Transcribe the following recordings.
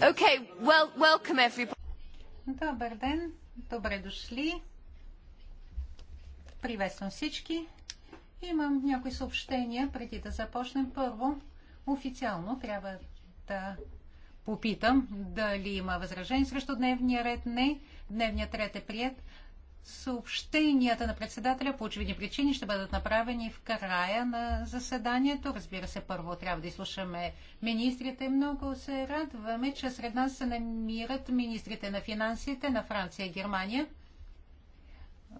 Okay, well, welcome everybody. Добър ден, добре дошли. Приветствам всички. Имам някои съобщения преди да започнем. Първо, официално трябва да попитам дали има възражение срещу дневния ред. Не. Дневният ред е прият. Съобщенията на председателя по очевидни причини ще бъдат направени в края на заседанието. Разбира се, първо трябва да изслушаме министрите. Много се радваме, че сред нас се намират министрите на финансите на Франция и Германия.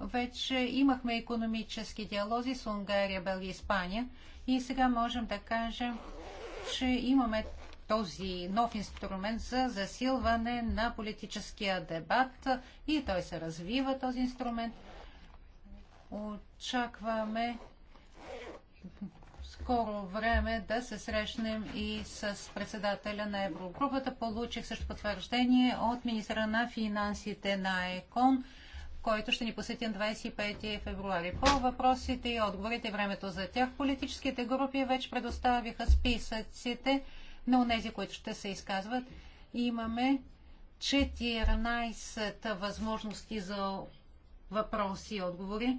Вече имахме економически диалози с Унгария, Белгия и Испания и сега можем да кажем, че имаме този нов инструмент за засилване на политическия дебат и той се развива, този инструмент. Очакваме скоро време да се срещнем и с председателя на Еврогрупата. Получих също потвърждение от министра на финансите на ЕКОН, който ще ни посети на 25 февруари. По въпросите и отговорите, времето за тях, политическите групи вече предоставиха списъците на тези, които ще се изказват. Имаме 14 възможности за въпроси и отговори.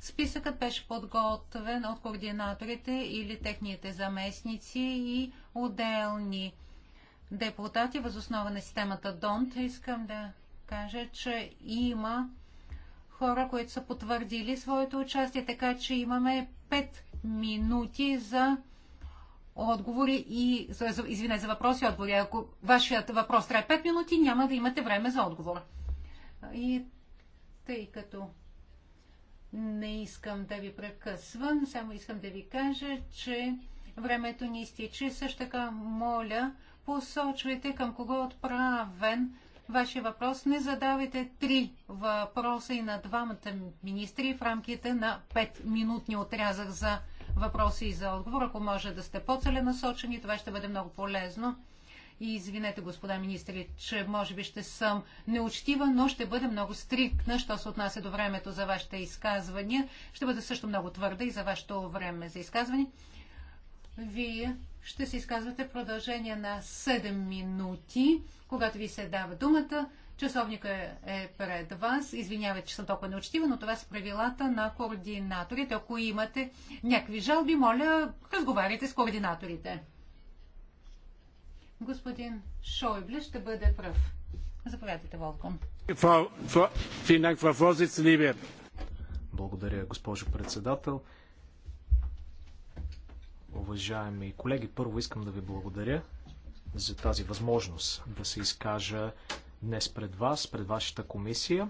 Списъкът беше подготвен от координаторите или техните заместници и отделни депутати възоснова на системата ДОНТ. Искам да кажа, че има хора, които са потвърдили своето участие, така че имаме 5 минути за отговори и, извине, за въпроси и отговори. Ако вашият въпрос трябва 5 минути, няма да имате време за отговор. И тъй като не искам да ви прекъсвам, само искам да ви кажа, че времето ни изтича. Също така, моля, посочвайте към кого е отправен вашия въпрос. Не задавайте три въпроса и на двамата министри в рамките на 5 минутни отрязък за въпроси и за отговор. Ако може да сте по-целенасочени, това ще бъде много полезно. И извинете, господа министри, че може би ще съм неучтива, но ще бъда много стриктна, що се отнася до времето за вашите изказвания. Ще бъда също много твърда и за вашето време за изказване. Вие ще се изказвате в продължение на 7 минути, когато ви се дава думата. Часовника е, е пред вас. Извинявайте, че съм толкова неучтива, но това са правилата на координаторите. Ако имате някакви жалби, моля, разговаряйте с координаторите. Господин Шойбле ще бъде пръв. Заповядайте, Волком. Благодаря, госпожо председател. Уважаеми колеги, първо искам да ви благодаря за тази възможност да се изкажа днес пред вас, пред вашата комисия.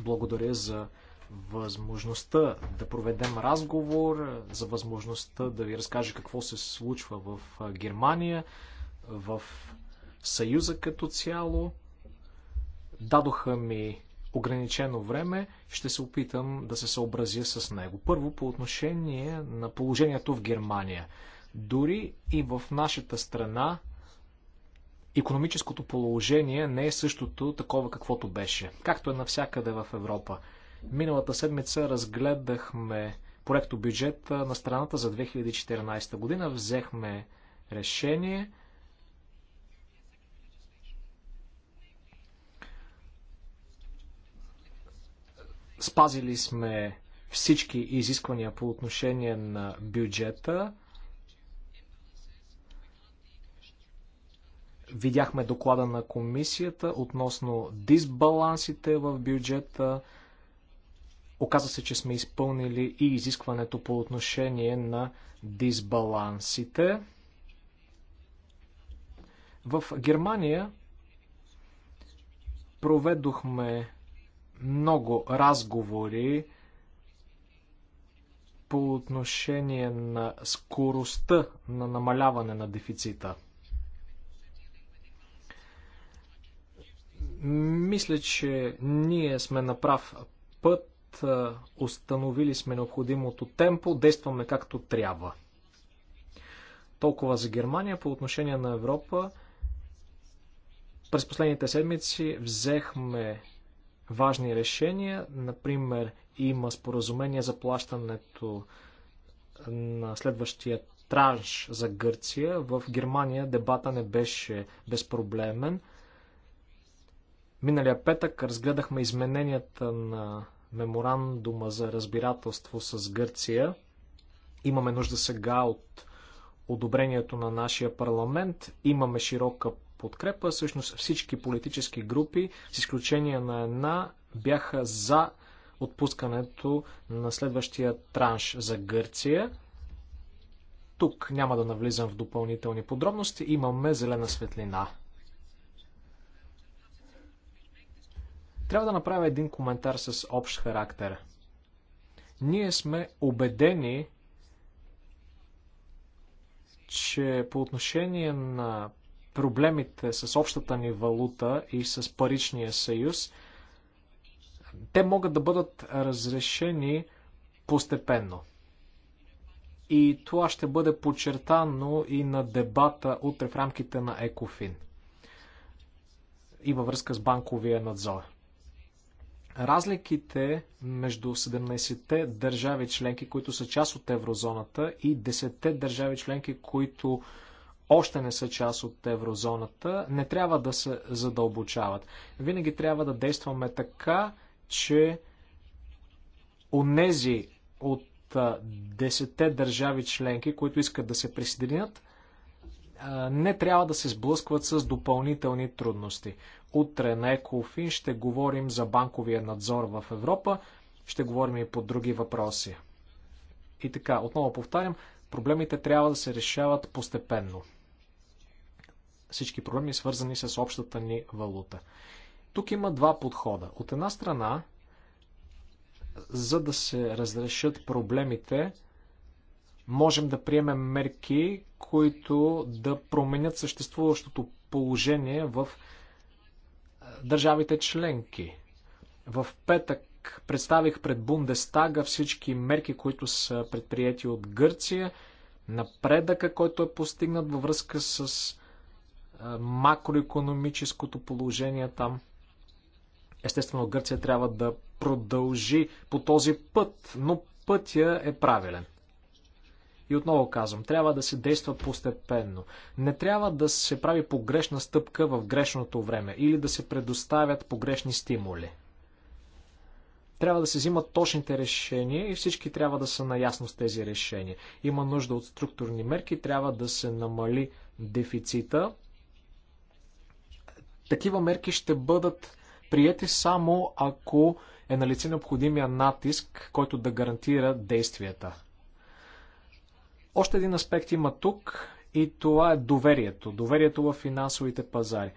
Благодаря за възможността да проведем разговор, за възможността да ви разкажа какво се случва в Германия, в Съюза като цяло. Дадоха ми ограничено време, ще се опитам да се съобразя с него. Първо, по отношение на положението в Германия. Дори и в нашата страна економическото положение не е същото такова каквото беше, както е навсякъде в Европа. Миналата седмица разгледахме проекто бюджет на страната за 2014 година, взехме решение. Спазили сме всички изисквания по отношение на бюджета. Видяхме доклада на комисията относно дисбалансите в бюджета. Оказва се, че сме изпълнили и изискването по отношение на дисбалансите. В Германия проведохме много разговори по отношение на скоростта на намаляване на дефицита – Мисля, че ние сме на прав път, е, установили сме необходимото темпо, действаме както трябва. Толкова за Германия по отношение на Европа. През последните седмици взехме важни решения. Например, има споразумение за плащането на следващия транш за Гърция. В Германия дебата не беше безпроблемен. Миналия петък разгледахме измененията на меморандума за разбирателство с Гърция. Имаме нужда сега от одобрението на нашия парламент. Имаме широка подкрепа. Всъщност всички политически групи, с изключение на една, бяха за отпускането на следващия транш за Гърция. Тук няма да навлизам в допълнителни подробности. Имаме зелена светлина Трябва да направя един коментар с общ характер. Ние сме убедени, че по отношение на проблемите с общата ни валута и с паричния съюз, те могат да бъдат разрешени постепенно. И това ще бъде подчертано и на дебата утре в рамките на Екофин и във връзка с банковия надзор. Разликите между 17-те държави членки, които са част от еврозоната и 10-те държави членки, които още не са част от еврозоната, не трябва да се задълбочават. Винаги трябва да действаме така, че онези от 10-те държави членки, които искат да се присъединят, не трябва да се сблъскват с допълнителни трудности. Утре на Екофин ще говорим за банковия надзор в Европа, ще говорим и по други въпроси. И така, отново повтарям, проблемите трябва да се решават постепенно. Всички проблеми свързани с общата ни валута. Тук има два подхода. От една страна, за да се разрешат проблемите, можем да приемем мерки, които да променят съществуващото положение в е, държавите членки. В петък представих пред Бундестага всички мерки, които са предприяти от Гърция, напредъка, който е постигнат във връзка с е, макроекономическото положение там. Естествено, Гърция трябва да продължи по този път, но пътя е правилен. И отново казвам, трябва да се действа постепенно. Не трябва да се прави погрешна стъпка в грешното време или да се предоставят погрешни стимули. Трябва да се взимат точните решения и всички трябва да са наясно с тези решения. Има нужда от структурни мерки, трябва да се намали дефицита. Такива мерки ще бъдат прияти само ако е налице необходимия натиск, който да гарантира действията. Още един аспект има тук и това е доверието. Доверието в финансовите пазари.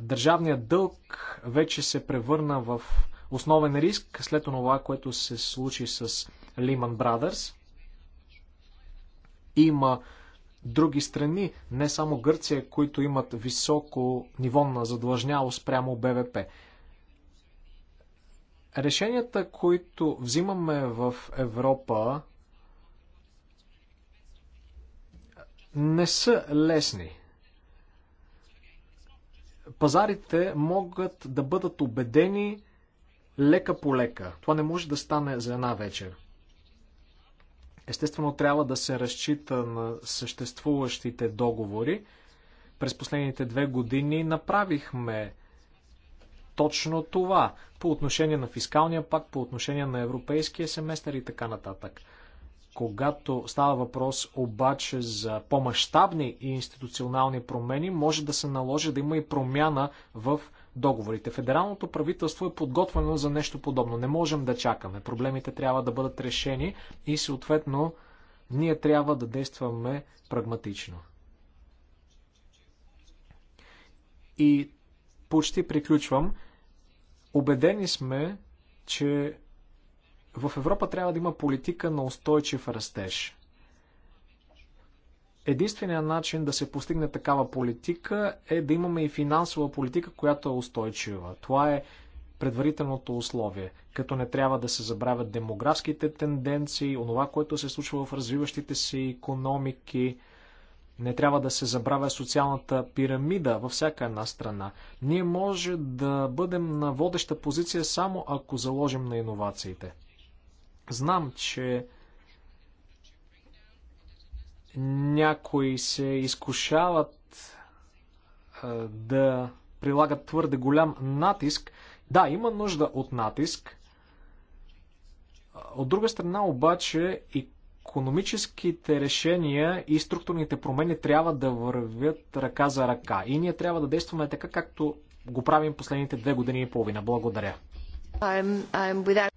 Държавният дълг вече се превърна в основен риск след това, което се случи с Lehman Brothers. Има други страни, не само Гърция, които имат високо ниво на задлъжнялост прямо БВП. Решенията, които взимаме в Европа не са лесни. Пазарите могат да бъдат убедени лека по лека. Това не може да стане за една вечер. Естествено, трябва да се разчита на съществуващите договори. През последните две години направихме точно това по отношение на фискалния пакт, по отношение на европейския семестър и така нататък. Когато става въпрос обаче за по-масштабни и институционални промени, може да се наложи да има и промяна в договорите. Федералното правителство е подготвено за нещо подобно. Не можем да чакаме. Проблемите трябва да бъдат решени и съответно ние трябва да действаме прагматично. И почти приключвам. Обедени сме, че в Европа трябва да има политика на устойчив растеж. Единственият начин да се постигне такава политика е да имаме и финансова политика, която е устойчива. Това е предварителното условие, като не трябва да се забравят демографските тенденции, онова, което се случва в развиващите си економики, не трябва да се забравя социалната пирамида във всяка една страна. Ние може да бъдем на водеща позиция само ако заложим на иновациите. Знам, че някои се изкушават да прилагат твърде голям натиск. Да, има нужда от натиск. От друга страна обаче економическите решения и структурните промени трябва да вървят ръка за ръка. И ние трябва да действаме така, както го правим последните две години и половина. Благодаря. I'm, I'm without...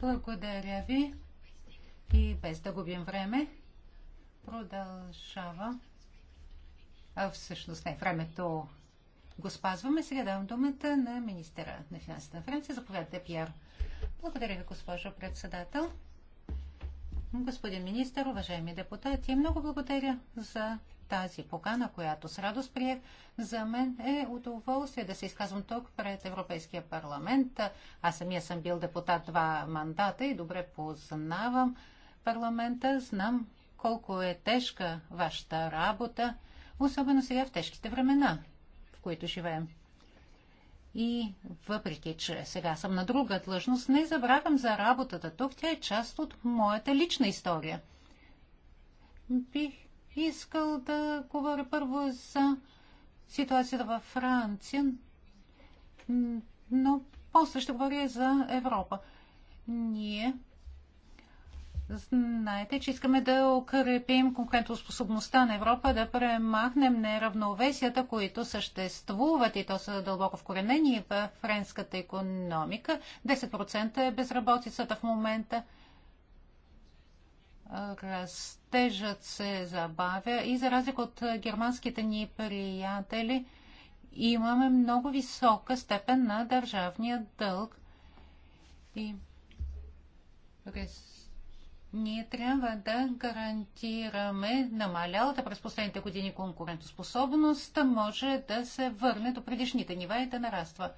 Благодаря ви. И без да губим време, продължава. А всъщност не, времето го спазваме. Сега давам думата на министера на финансите на Франция. Заповядайте, Пьер. Благодаря ви, госпожо председател. Господин министър, уважаеми депутати, много благодаря за тази покана, която с радост приех. За мен е удоволствие да се изказвам тук пред Европейския парламент. Аз самия съм бил депутат два мандата и добре познавам парламента. Знам колко е тежка вашата работа, особено сега в тежките времена, в които живеем. И въпреки, че сега съм на друга длъжност, не забравям за работата тук. Тя е част от моята лична история. Бих искал да говоря първо за ситуацията във Франция, но после ще говоря за Европа. Ние знаете, че искаме да укрепим конкурентоспособността на Европа, да премахнем неравновесията, които съществуват и то са дълбоко вкоренени в френската економика. 10% е безработицата в момента – растежът се забавя и за разлика от германските ни приятели имаме много висока степен на държавния дълг. И ние трябва да гарантираме намалялата през последните години конкурентоспособност може да се върне до предишните нива и да нараства.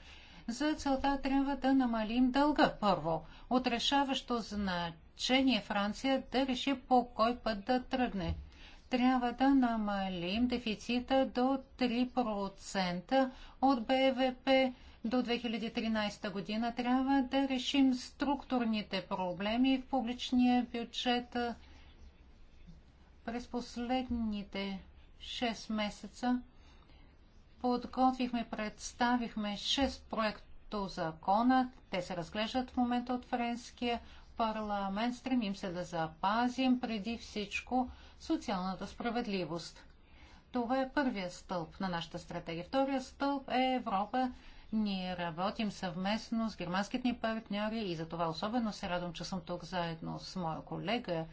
За целта трябва да намалим дълга първо. Отрешаващо значение значение Франция да реши по кой път да тръгне. Трябва да намалим дефицита до 3% от БВП до 2013 година. Трябва да решим структурните проблеми в публичния бюджет през последните 6 месеца подготвихме, представихме 6 проекто закона. Те се разглеждат в момента от френския парламент стремим се да запазим преди всичко социалната справедливост. Това е първия стълб на нашата стратегия. Втория стълб е Европа. Ние работим съвместно с германските ни партньори и за това особено се радвам, че съм тук заедно с моя колега,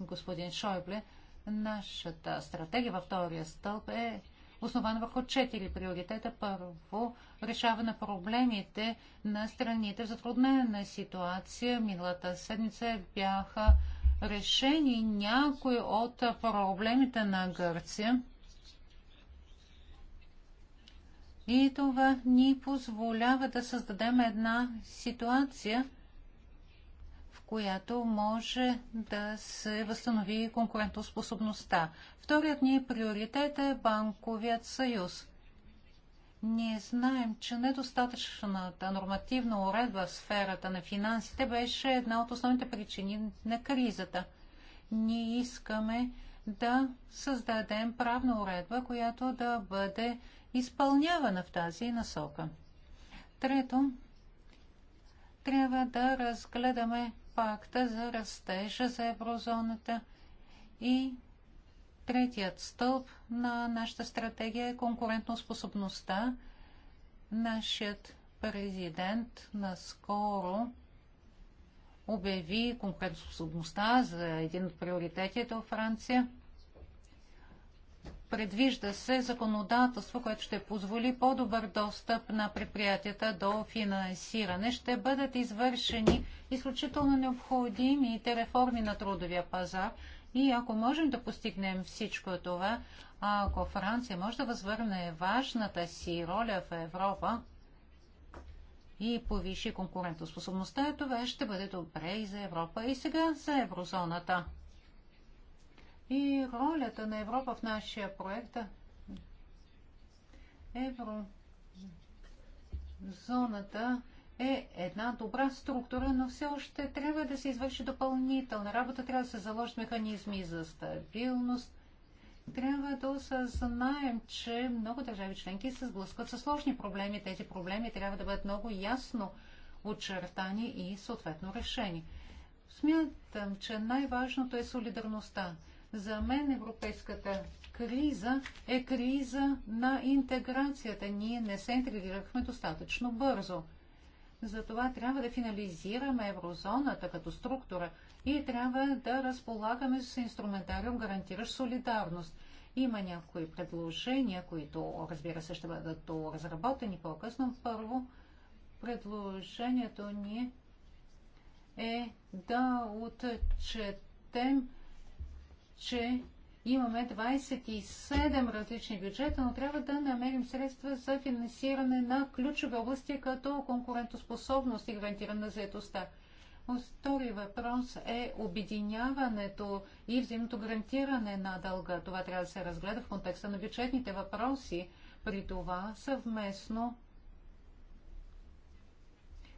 господин Шойбле. Нашата стратегия във втория стълб е основан върху четири приоритета. Първо, решаване проблемите на страните в затруднена ситуация. Миналата седмица бяха решени някои от проблемите на Гърция. И това ни позволява да създадем една ситуация – която може да се възстанови конкурентоспособността. Вторият ни приоритет е банковият съюз. Ние знаем, че недостатъчната нормативна уредба в сферата на финансите беше една от основните причини на кризата. Ние искаме да създадем правна уредба, която да бъде изпълнявана в тази насока. Трето, трябва да разгледаме пакта за растежа за еврозоната и третият стълб на нашата стратегия е конкурентоспособността. Нашият президент наскоро обяви конкурентоспособността за един от приоритетите в Франция – Предвижда се законодателство, което ще позволи по-добър достъп на предприятията до финансиране. Ще бъдат извършени изключително необходимите реформи на трудовия пазар. И ако можем да постигнем всичко това, ако Франция може да възвърне важната си роля в Европа и повиши конкурентоспособността, това ще бъде добре и за Европа, и сега за еврозоната и ролята на Европа в нашия проект. Еврозоната е една добра структура, но все още трябва да се извърши допълнителна работа, трябва да се заложат механизми за стабилност. Трябва да осъзнаем, че много държави членки се сблъскват с сложни проблеми. Тези проблеми трябва да бъдат много ясно очертани и съответно решени. Смятам, че най-важното е солидарността. За мен европейската криза е криза на интеграцията. Ние не се интегрирахме достатъчно бързо. Затова трябва да финализираме еврозоната като структура и трябва да разполагаме с инструментариум, гарантиращ солидарност. Има някои предложения, които, разбира се, ще бъдат разработени по-късно. Първо, предложението ни е да отчетем че имаме 27 различни бюджета, но трябва да намерим средства за финансиране на ключови области, като конкурентоспособност и гарантиране на заедостта. Втори въпрос е обединяването и взаимното гарантиране на дълга. Това трябва да се разгледа в контекста на бюджетните въпроси. При това съвместно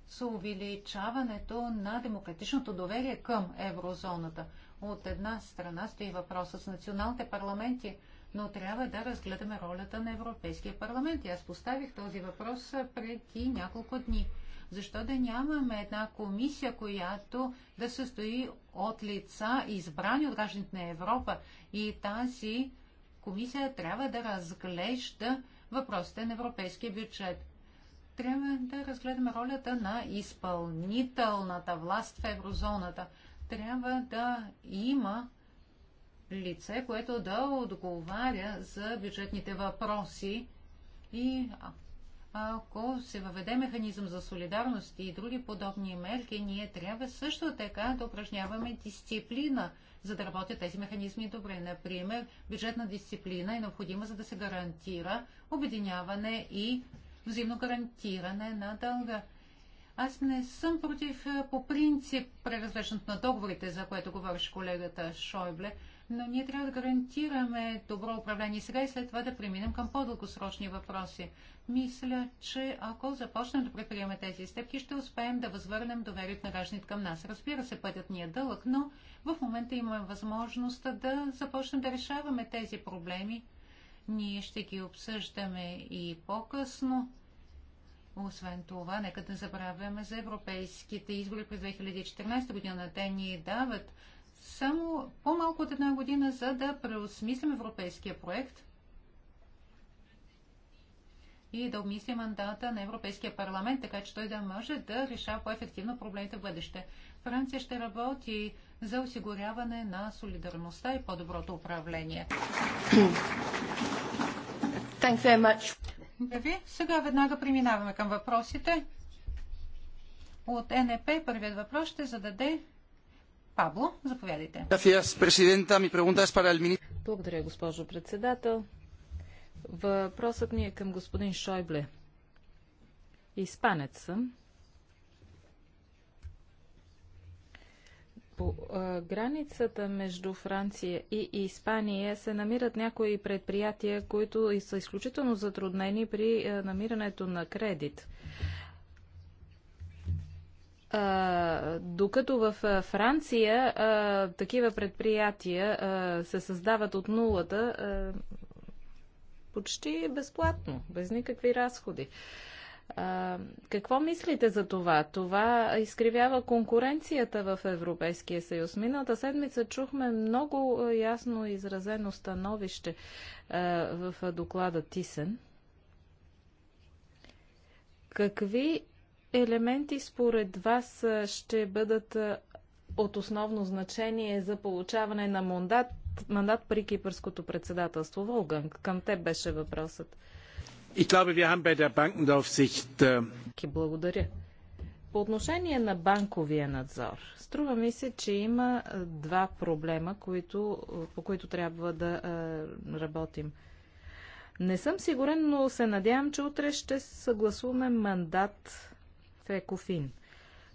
с увеличаването на демократичното доверие към еврозоната. От една страна стои въпросът с националните парламенти, но трябва да разгледаме ролята на Европейския парламент. И аз поставих този въпрос преди няколко дни. Защо да нямаме една комисия, която да състои от лица, избрани от гражданите на Европа? И тази комисия трябва да разглежда въпросите на европейския бюджет. Трябва да разгледаме ролята на изпълнителната власт в еврозоната – трябва да има лице, което да отговаря за бюджетните въпроси и ако се въведе механизъм за солидарност и други подобни мерки, ние трябва също така да упражняваме дисциплина, за да работят тези механизми добре. Например, бюджетна дисциплина е необходима, за да се гарантира обединяване и взаимно гарантиране на дълга. Аз не съм против е, по принцип преразвеждането на договорите, за което говореше колегата Шойбле, но ние трябва да гарантираме добро управление сега и след това да преминем към по-дългосрочни въпроси. Мисля, че ако започнем да предприемем тези стъпки, ще успеем да възвърнем доверието на гражданите към нас. Разбира се, пътят ни е дълъг, но в момента имаме възможност да започнем да решаваме тези проблеми. Ние ще ги обсъждаме и по-късно освен това, нека да забравяме за европейските избори през 2014 година. Те ни дават само по-малко от една година, за да преосмислим европейския проект и да обмисли мандата на Европейския парламент, така че той да може да решава по-ефективно проблемите в бъдеще. Франция ще работи за осигуряване на солидарността и по-доброто управление ви. Сега веднага преминаваме към въпросите. От НЕП първият въпрос ще зададе Пабло. Заповядайте. Благодаря, госпожо председател. Въпросът ми е към господин Шойбле. Испанец съм по границата между Франция и Испания се намират някои предприятия, които са изключително затруднени при намирането на кредит. докато в Франция такива предприятия се създават от нулата почти безплатно, без никакви разходи. А, какво мислите за това? Това изкривява конкуренцията в Европейския съюз. Миналата седмица чухме много ясно изразено становище а, в доклада Тисен. Какви елементи според вас ще бъдат от основно значение за получаване на мандат, мандат при кипърското председателство? Волган, към те беше въпросът. Ich glaube, wir haben bei der Bankenaufsicht... Äh, по отношение на банковия надзор, струва ми се, че има е, два проблема, които, е, по които трябва да е, работим. Не съм сигурен, но се надявам, че утре ще съгласуваме мандат в Екофин –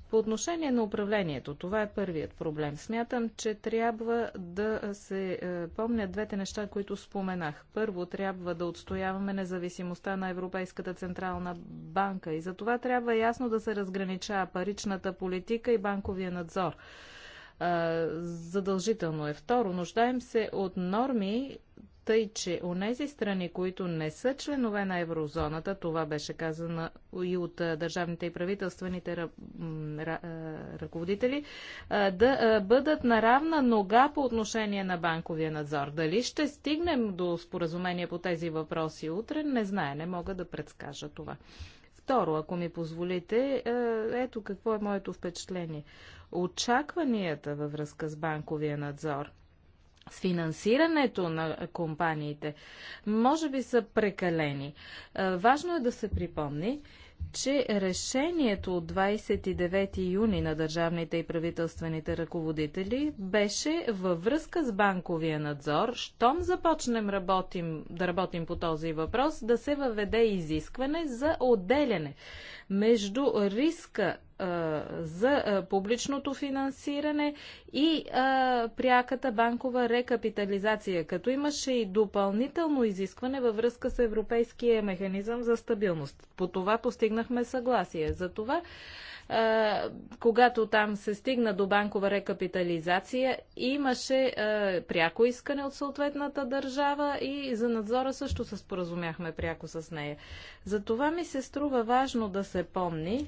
по отношение на управлението, това е първият проблем. Смятам, че трябва да се е, помнят двете неща, които споменах. Първо, трябва да отстояваме независимостта на Европейската централна банка и за това трябва ясно да се разграничава паричната политика и банковия надзор. Е, задължително е. Второ, нуждаем се от норми, тъй, че у нези страни, които не са членове на еврозоната, това беше казано и от държавните и правителствените ръ... ръководители, да бъдат на равна нога по отношение на банковия надзор. Дали ще стигнем до споразумение по тези въпроси утре, не знае, не мога да предскажа това. Второ, ако ми позволите, ето какво е моето впечатление. Очакванията във връзка с банковия надзор с финансирането на компаниите, може би са прекалени. Важно е да се припомни, че решението от 29 юни на държавните и правителствените ръководители беше във връзка с банковия надзор, щом започнем работим, да работим по този въпрос, да се въведе изискване за отделяне между риска за публичното финансиране и пряката банкова рекапитализация, като имаше и допълнително изискване във връзка с Европейския механизъм за стабилност. По това постигнахме съгласие. За това когато там се стигна до банкова рекапитализация, имаше пряко искане от съответната държава и за надзора също се споразумяхме пряко с нея. За това ми се струва важно да се помни,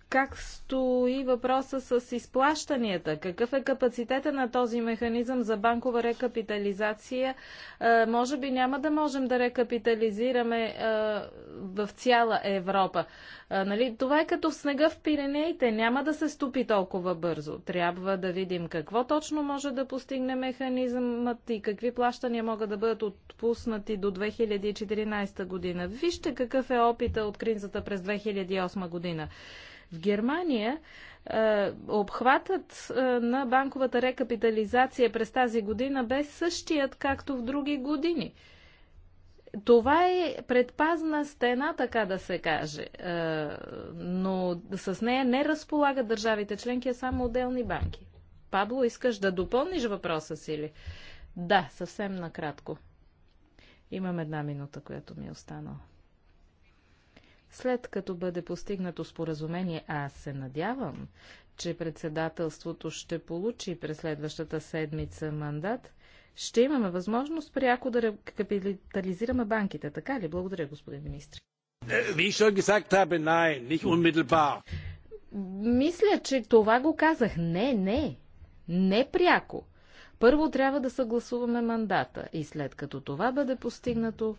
как стои въпроса с изплащанията? Какъв е капацитета на този механизъм за банкова рекапитализация? Е, може би няма да можем да рекапитализираме е, в цяла Европа. Е, нали? Това е като в снега в Пиренеите. Няма да се стопи толкова бързо. Трябва да видим какво точно може да постигне механизмът и какви плащания могат да бъдат отпуснати до 2014 година. Вижте какъв е опита от кризата през 2008 година. В Германия е, обхватът е, на банковата рекапитализация през тази година бе същият, както в други години. Това е предпазна стена, така да се каже, е, но с нея не разполагат държавите членки, а само отделни банки. Пабло, искаш да допълниш въпроса си ли? Да, съвсем накратко. Имам една минута, която ми е останала. След като бъде постигнато споразумение, а аз се надявам, че председателството ще получи през следващата седмица мандат, ще имаме възможност пряко да капитализираме банките. Така ли? Благодаря, господин министр. Е, Мисля, че това го казах. Не, не. Не пряко. Първо трябва да съгласуваме мандата и след като това бъде постигнато,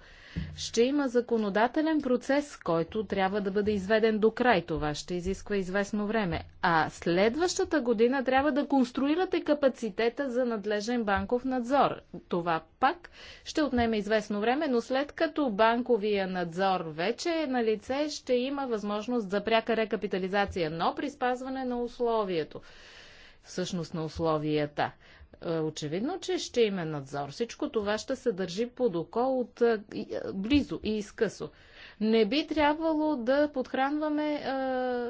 ще има законодателен процес, който трябва да бъде изведен до край. Това ще изисква известно време. А следващата година трябва да конструирате капацитета за надлежен банков надзор. Това пак ще отнеме известно време, но след като банковия надзор вече е на лице, ще има възможност за пряка рекапитализация, но при спазване на условието всъщност на условията. Е, очевидно, че ще има надзор. Всичко това ще се държи под око от е, е, близо и изкъсо. Не би трябвало да подхранваме а,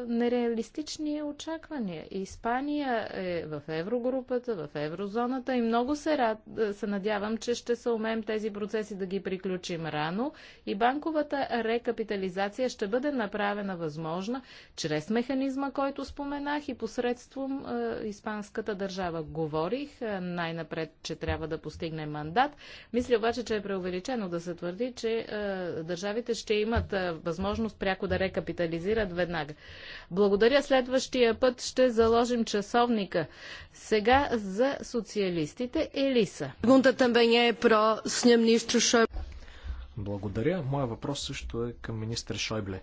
нереалистични очаквания. Испания е в еврогрупата, в еврозоната и много се, рад, се надявам, че ще се умеем тези процеси да ги приключим рано и банковата рекапитализация ще бъде направена възможна чрез механизма, който споменах и посредством а, испанската държава. Говорих а, най-напред, че трябва да постигне мандат. Мисля обаче, че е преувеличено да се твърди, че а, държавите ще имат имат възможност пряко да рекапитализират веднага. Благодаря. Следващия път ще заложим часовника. Сега за социалистите Елиса. Благодаря. Моя въпрос също е към министър Шойбле.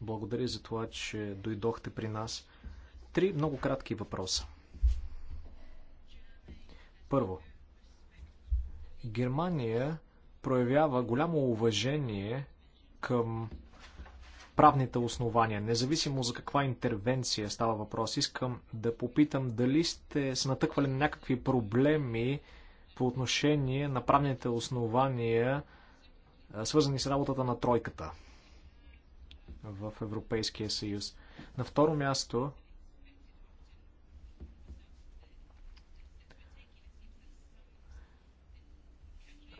Благодаря за това, че дойдохте при нас. Три много кратки въпроса. Първо, Германия проявява голямо уважение към правните основания, независимо за каква интервенция става въпрос, искам да попитам дали сте се натъквали на някакви проблеми по отношение на правните основания, свързани с работата на тройката в Европейския съюз. На второ място,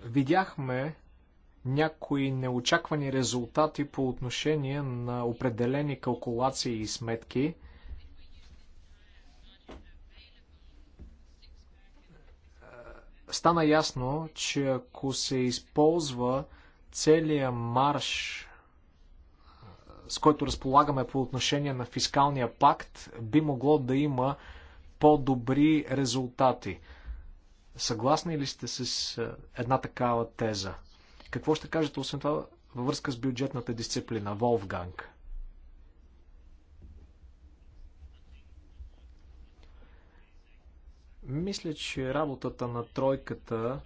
видяхме някои неочаквани резултати по отношение на определени калкулации и сметки. Стана ясно, че ако се използва целият марш, с който разполагаме по отношение на фискалния пакт, би могло да има по-добри резултати. Съгласни ли сте с е, една такава теза? Какво ще кажете освен това във връзка с бюджетната дисциплина, Волфганг? Мисля, че работата на тройката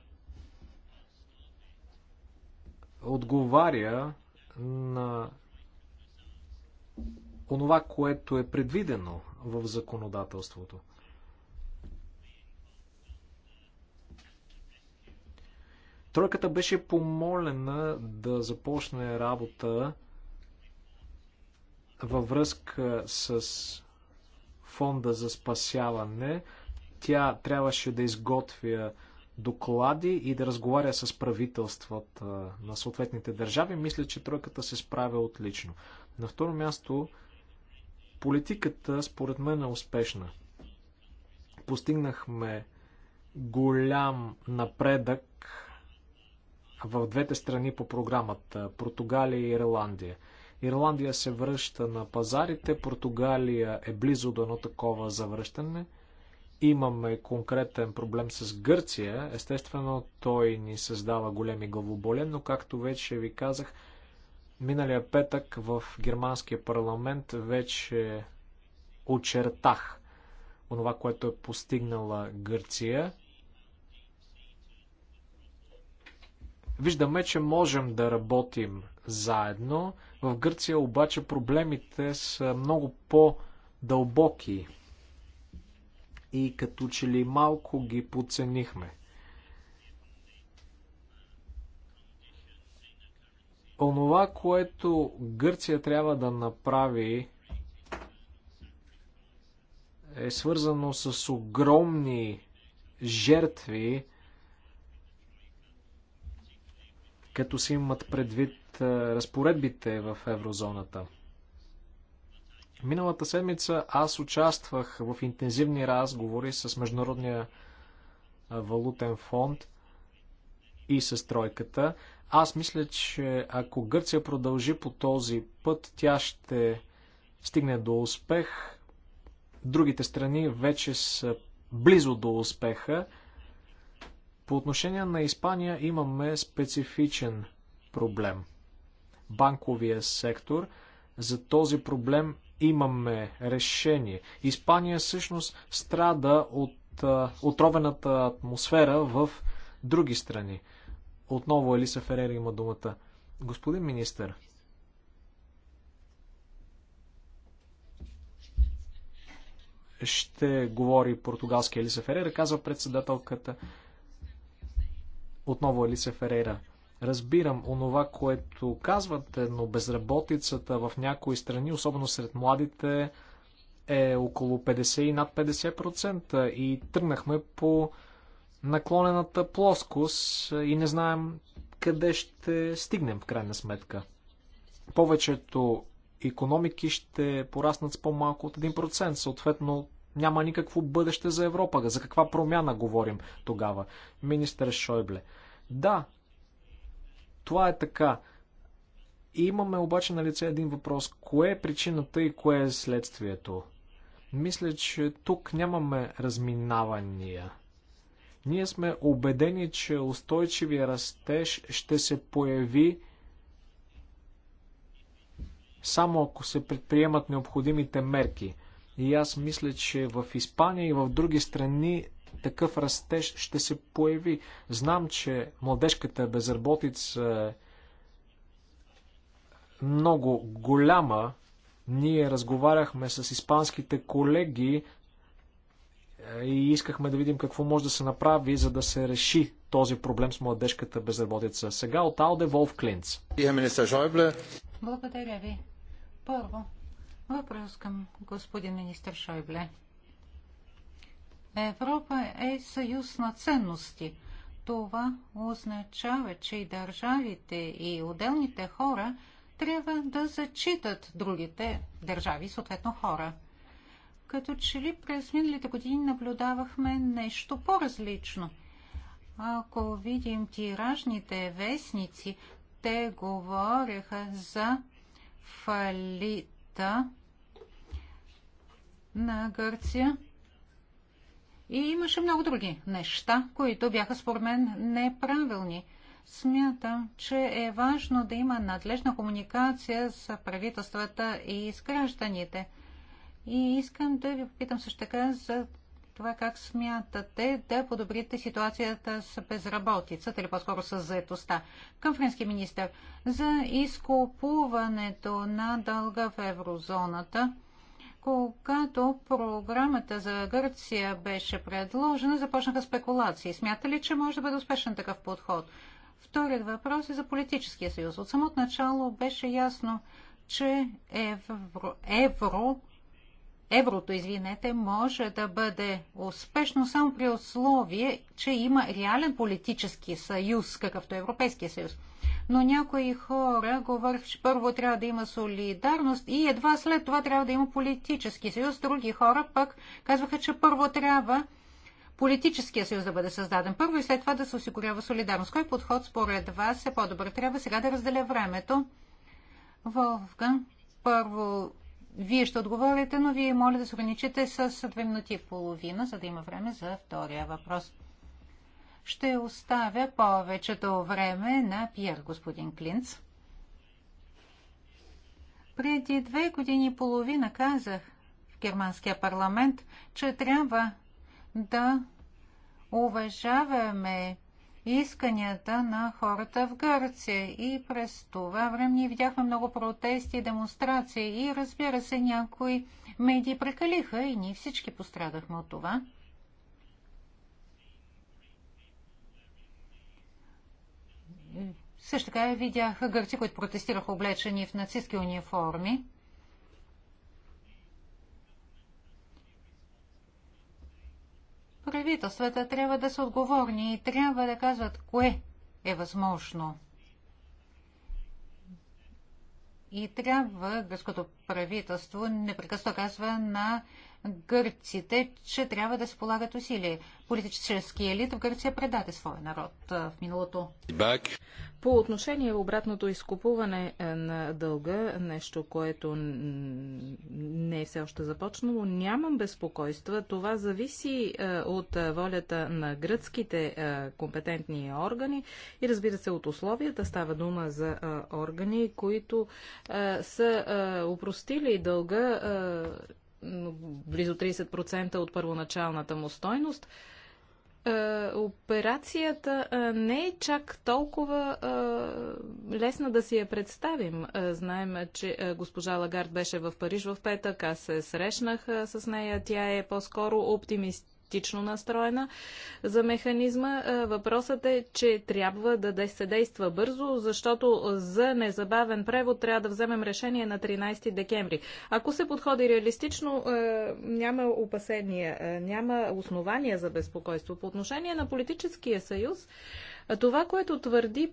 отговаря на онова, което е предвидено в законодателството. Тройката беше помолена да започне работа във връзка с фонда за спасяване. Тя трябваше да изготвя доклади и да разговаря с правителствата на съответните държави. Мисля, че тройката се справя отлично. На второ място, политиката според мен е успешна. Постигнахме голям напредък в двете страни по програмата Португалия и Ирландия. Ирландия се връща на пазарите, Португалия е близо до едно такова завръщане. Имаме конкретен проблем с Гърция. Естествено, той ни създава големи главоболен, но както вече ви казах, миналия петък в германския парламент вече очертах онова, което е постигнала Гърция – Виждаме, че можем да работим заедно. В Гърция обаче проблемите са много по-дълбоки и като че ли малко ги подценихме. Онова, което Гърция трябва да направи е свързано с огромни жертви, като се имат предвид е, разпоредбите в еврозоната. Миналата седмица аз участвах в интензивни разговори с Международния е, валутен фонд и с тройката. Аз мисля, че ако Гърция продължи по този път, тя ще стигне до успех. Другите страни вече са близо до успеха. По отношение на Испания имаме специфичен проблем. Банковия сектор. За този проблем имаме решение. Испания всъщност страда от а, отровената атмосфера в други страни. Отново Елиса Ферери има думата. Господин министър, ще говори португалски Елиса Ферера, казва председателката. Отново Елиса Ферейра. Разбирам онова, което казвате, но безработицата в някои страни, особено сред младите, е около 50 и над 50% и тръгнахме по наклонената плоскост и не знаем къде ще стигнем в крайна сметка. Повечето економики ще пораснат с по-малко от 1%, съответно няма никакво бъдеще за Европа. За каква промяна говорим тогава? Министър Шойбле. Да, това е така. И имаме обаче на лице един въпрос. Кое е причината и кое е следствието? Мисля, че тук нямаме разминавания. Ние сме убедени, че устойчивия растеж ще се появи само ако се предприемат необходимите мерки – и аз мисля, че в Испания и в други страни такъв растеж ще се появи. Знам, че младежката безработица е много голяма. Ние разговаряхме с испанските колеги е, и искахме да видим какво може да се направи, за да се реши този проблем с младежката безработица. Сега от Алде Волф Клинц. Благодаря ви. Първо, Въпрос към господин министр Шойбле. Европа е съюз на ценности. Това означава, че и държавите, и отделните хора трябва да зачитат другите държави, съответно хора. Като че ли през миналите години наблюдавахме нещо по-различно. Ако видим тиражните вестници, те говореха за фалит бюджета на Гърция. И имаше много други неща, които бяха според мен неправилни. Смятам, че е важно да има надлежна комуникация с правителствата и с гражданите. И искам да ви попитам също така за това как смятате да подобрите ситуацията с безработицата или по-скоро с заетостта. Към френски министр, за изкупуването на дълга в еврозоната, когато програмата за Гърция беше предложена, започнаха спекулации. Смята ли, че може да бъде успешен такъв подход? Вторият въпрос е за политическия съюз. От самото начало беше ясно, че евро, евро еврото, извинете, може да бъде успешно само при условие, че има реален политически съюз, какъвто е Европейския съюз. Но някои хора говорят, че първо трябва да има солидарност и едва след това трябва да има политически съюз. Други хора пък казваха, че първо трябва политическия съюз да бъде създаден първо и след това да се осигурява солидарност. Кой подход според вас е по-добър? Трябва сега да разделя времето. Вълган, първо вие ще отговорите, но вие моля да се ограничите с две минути и половина, за да има време за втория въпрос. Ще оставя повечето време на Пьер, господин Клинц. Преди две години и половина казах в германския парламент, че трябва да уважаваме исканията на хората в Гърция. И през това време ние видяхме много протести, демонстрации и разбира се някои медии прекалиха и ние всички пострадахме от това. Също така видях гърци, които протестираха облечени в нацистски униформи. Правителствата трябва да са отговорни и трябва да казват кое е възможно. И трябва гръцкото правителство непрекъснато казва на гърците, че трябва да се полагат усилия. Политически елит в Гърция предаде своя народ в миналото. Back. По отношение обратното изкупуване е, на дълга, нещо, което не е все още започнало, нямам безпокойства. Това зависи е, от е, волята на гръцките компетентни органи и разбира се от условията. Става дума за органи, които са упростили дълга близо 30% от първоначалната му стойност. Е, операцията е, не е чак толкова е, лесна да си я представим. Знаем, че госпожа Лагард беше в Париж в петък, аз се срещнах с нея. Тя е по-скоро оптимист скептично настроена за механизма. Е, въпросът е, че трябва да се действа бързо, защото за незабавен превод трябва да вземем решение на 13 декември. Ако се подходи реалистично, е, няма опасения, е, няма основания за безпокойство. По отношение на политическия съюз, това, което твърди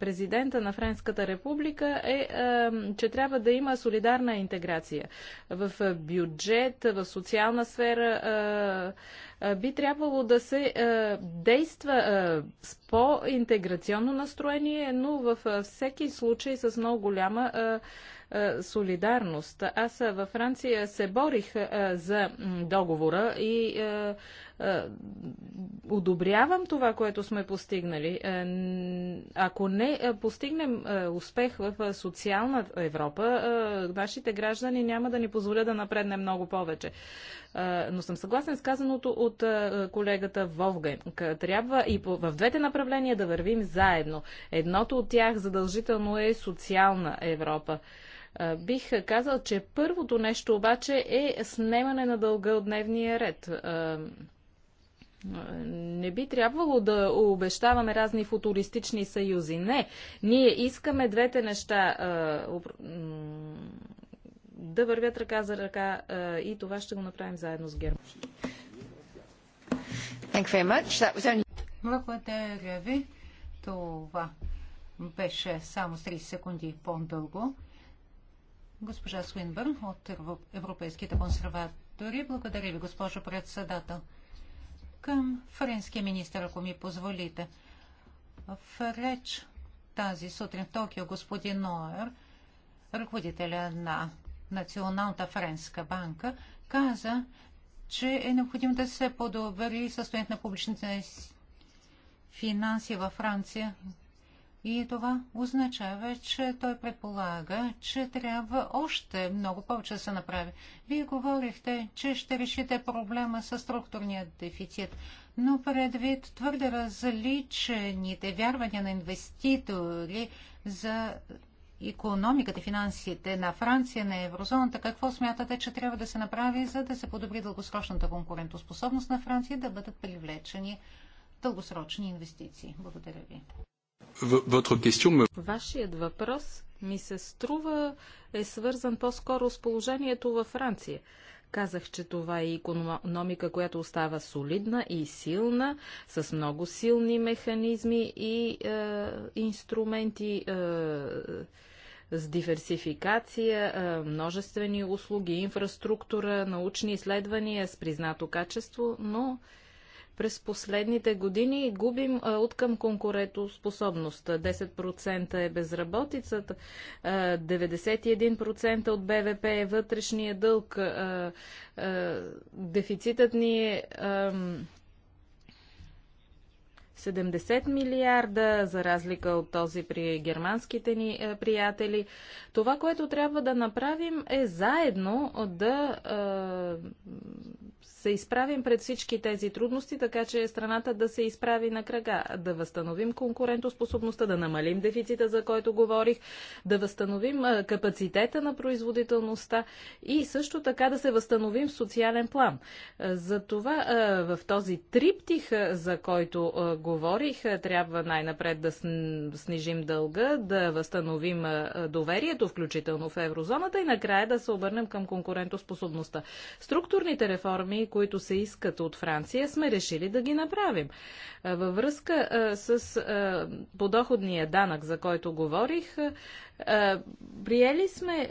президента на Френската република е, че трябва да има солидарна интеграция в бюджет, в социална сфера. Би трябвало да се действа с по-интеграционно настроение, но във всеки случай с много голяма е, солидарност. Аз е, във Франция се борих е, за договора и одобрявам това, което сме постигнали. Ако не постигнем успех в социална Европа, нашите граждани няма да ни позволя да напреднем много повече. Но съм съгласен с казаното от колегата Вовген. Трябва и в двете направления да вървим заедно. Едното от тях задължително е социална Европа. Бих казал, че първото нещо обаче е снемане на дълга от дневния ред. Не би трябвало да обещаваме разни футуристични съюзи. Не, ние искаме двете неща да вървят ръка за ръка и това ще го направим заедно с Германия. Only... Благодаря ви. Това беше само 30 секунди по-дълго. Госпожа Свинбърн от Европейските консерватори. Благодаря ви, госпожо председател. Към френския министр, ако ми позволите. В реч тази сутрин в Токио господин Ноер, ръководителя на Националната френска банка, каза, че е необходимо да се подобри състоянието на публичните финанси във Франция и това означава, че той предполага, че трябва още много повече да се направи. Вие говорихте, че ще решите проблема с структурния дефицит, но предвид твърде различните вярвания на инвеститори за економиката, финансите на Франция, на еврозоната, какво смятате, че трябва да се направи, за да се подобри дългосрочната конкурентоспособност на Франция да бъдат привлечени дългосрочни инвестиции? Благодаря ви. Вашият въпрос ми се струва е свързан по-скоро с положението във Франция. Казах, че това е економика, която остава солидна и силна, с много силни механизми и е, инструменти. Е, с диверсификация, е, множествени услуги, инфраструктура, научни изследвания с признато качество, но през последните години губим от към конкурентоспособност. 10% е безработицата, 91% от БВП е вътрешния дълг, дефицитът ни е 70 милиарда, за разлика от този при германските ни приятели. Това, което трябва да направим е заедно да се изправим пред всички тези трудности, така че страната да се изправи на крага. да възстановим конкурентоспособността, да намалим дефицита, за който говорих, да възстановим капацитета на производителността и също така да се възстановим в социален план. За това в този триптих, за който говорих, трябва най-напред да снижим дълга, да възстановим доверието, включително в еврозоната и накрая да се обърнем към конкурентоспособността. Структурните реформи, които се искат от Франция, сме решили да ги направим. Във връзка с подоходния данък, за който говорих, Приели сме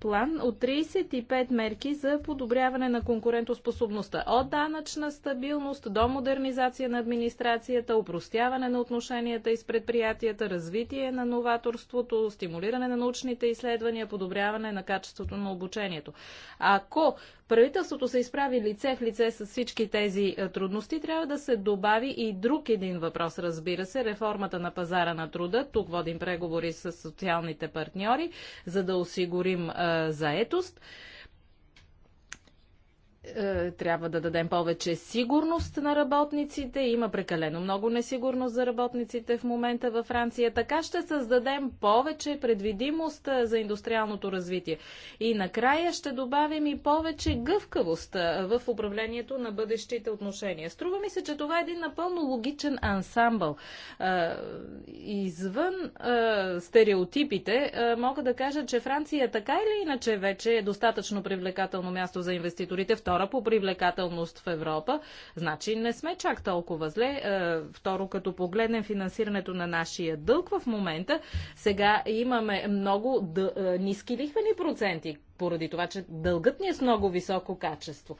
план от 35 мерки за подобряване на конкурентоспособността. От данъчна стабилност до модернизация на администрацията, упростяване на отношенията и с предприятията, развитие на новаторството, стимулиране на научните изследвания, подобряване на качеството на обучението. Ако правителството се изправи лице в лице с всички тези трудности, трябва да се добави и друг един въпрос, разбира се, реформата на пазара на труда. Тук водим преговори с социалните партньори, за да осигурим заетост. Е, трябва да дадем повече сигурност на работниците. Има прекалено много несигурност за работниците в момента във Франция. Така ще създадем повече предвидимост е, за индустриалното развитие. И накрая ще добавим и повече гъвкавост е, в управлението на бъдещите отношения. Струва ми се, че това е един напълно логичен ансамбъл. Извън стереотипите, мога да кажа, че Франция така или иначе вече е достатъчно привлекателно място за инвеститорите. Второ, втора по привлекателност в Европа. Значи не сме чак толкова зле. Е, второ, като погледнем финансирането на нашия дълг в момента, сега имаме много е, ниски лихвени проценти, поради това, че дългът ни е с много високо качество.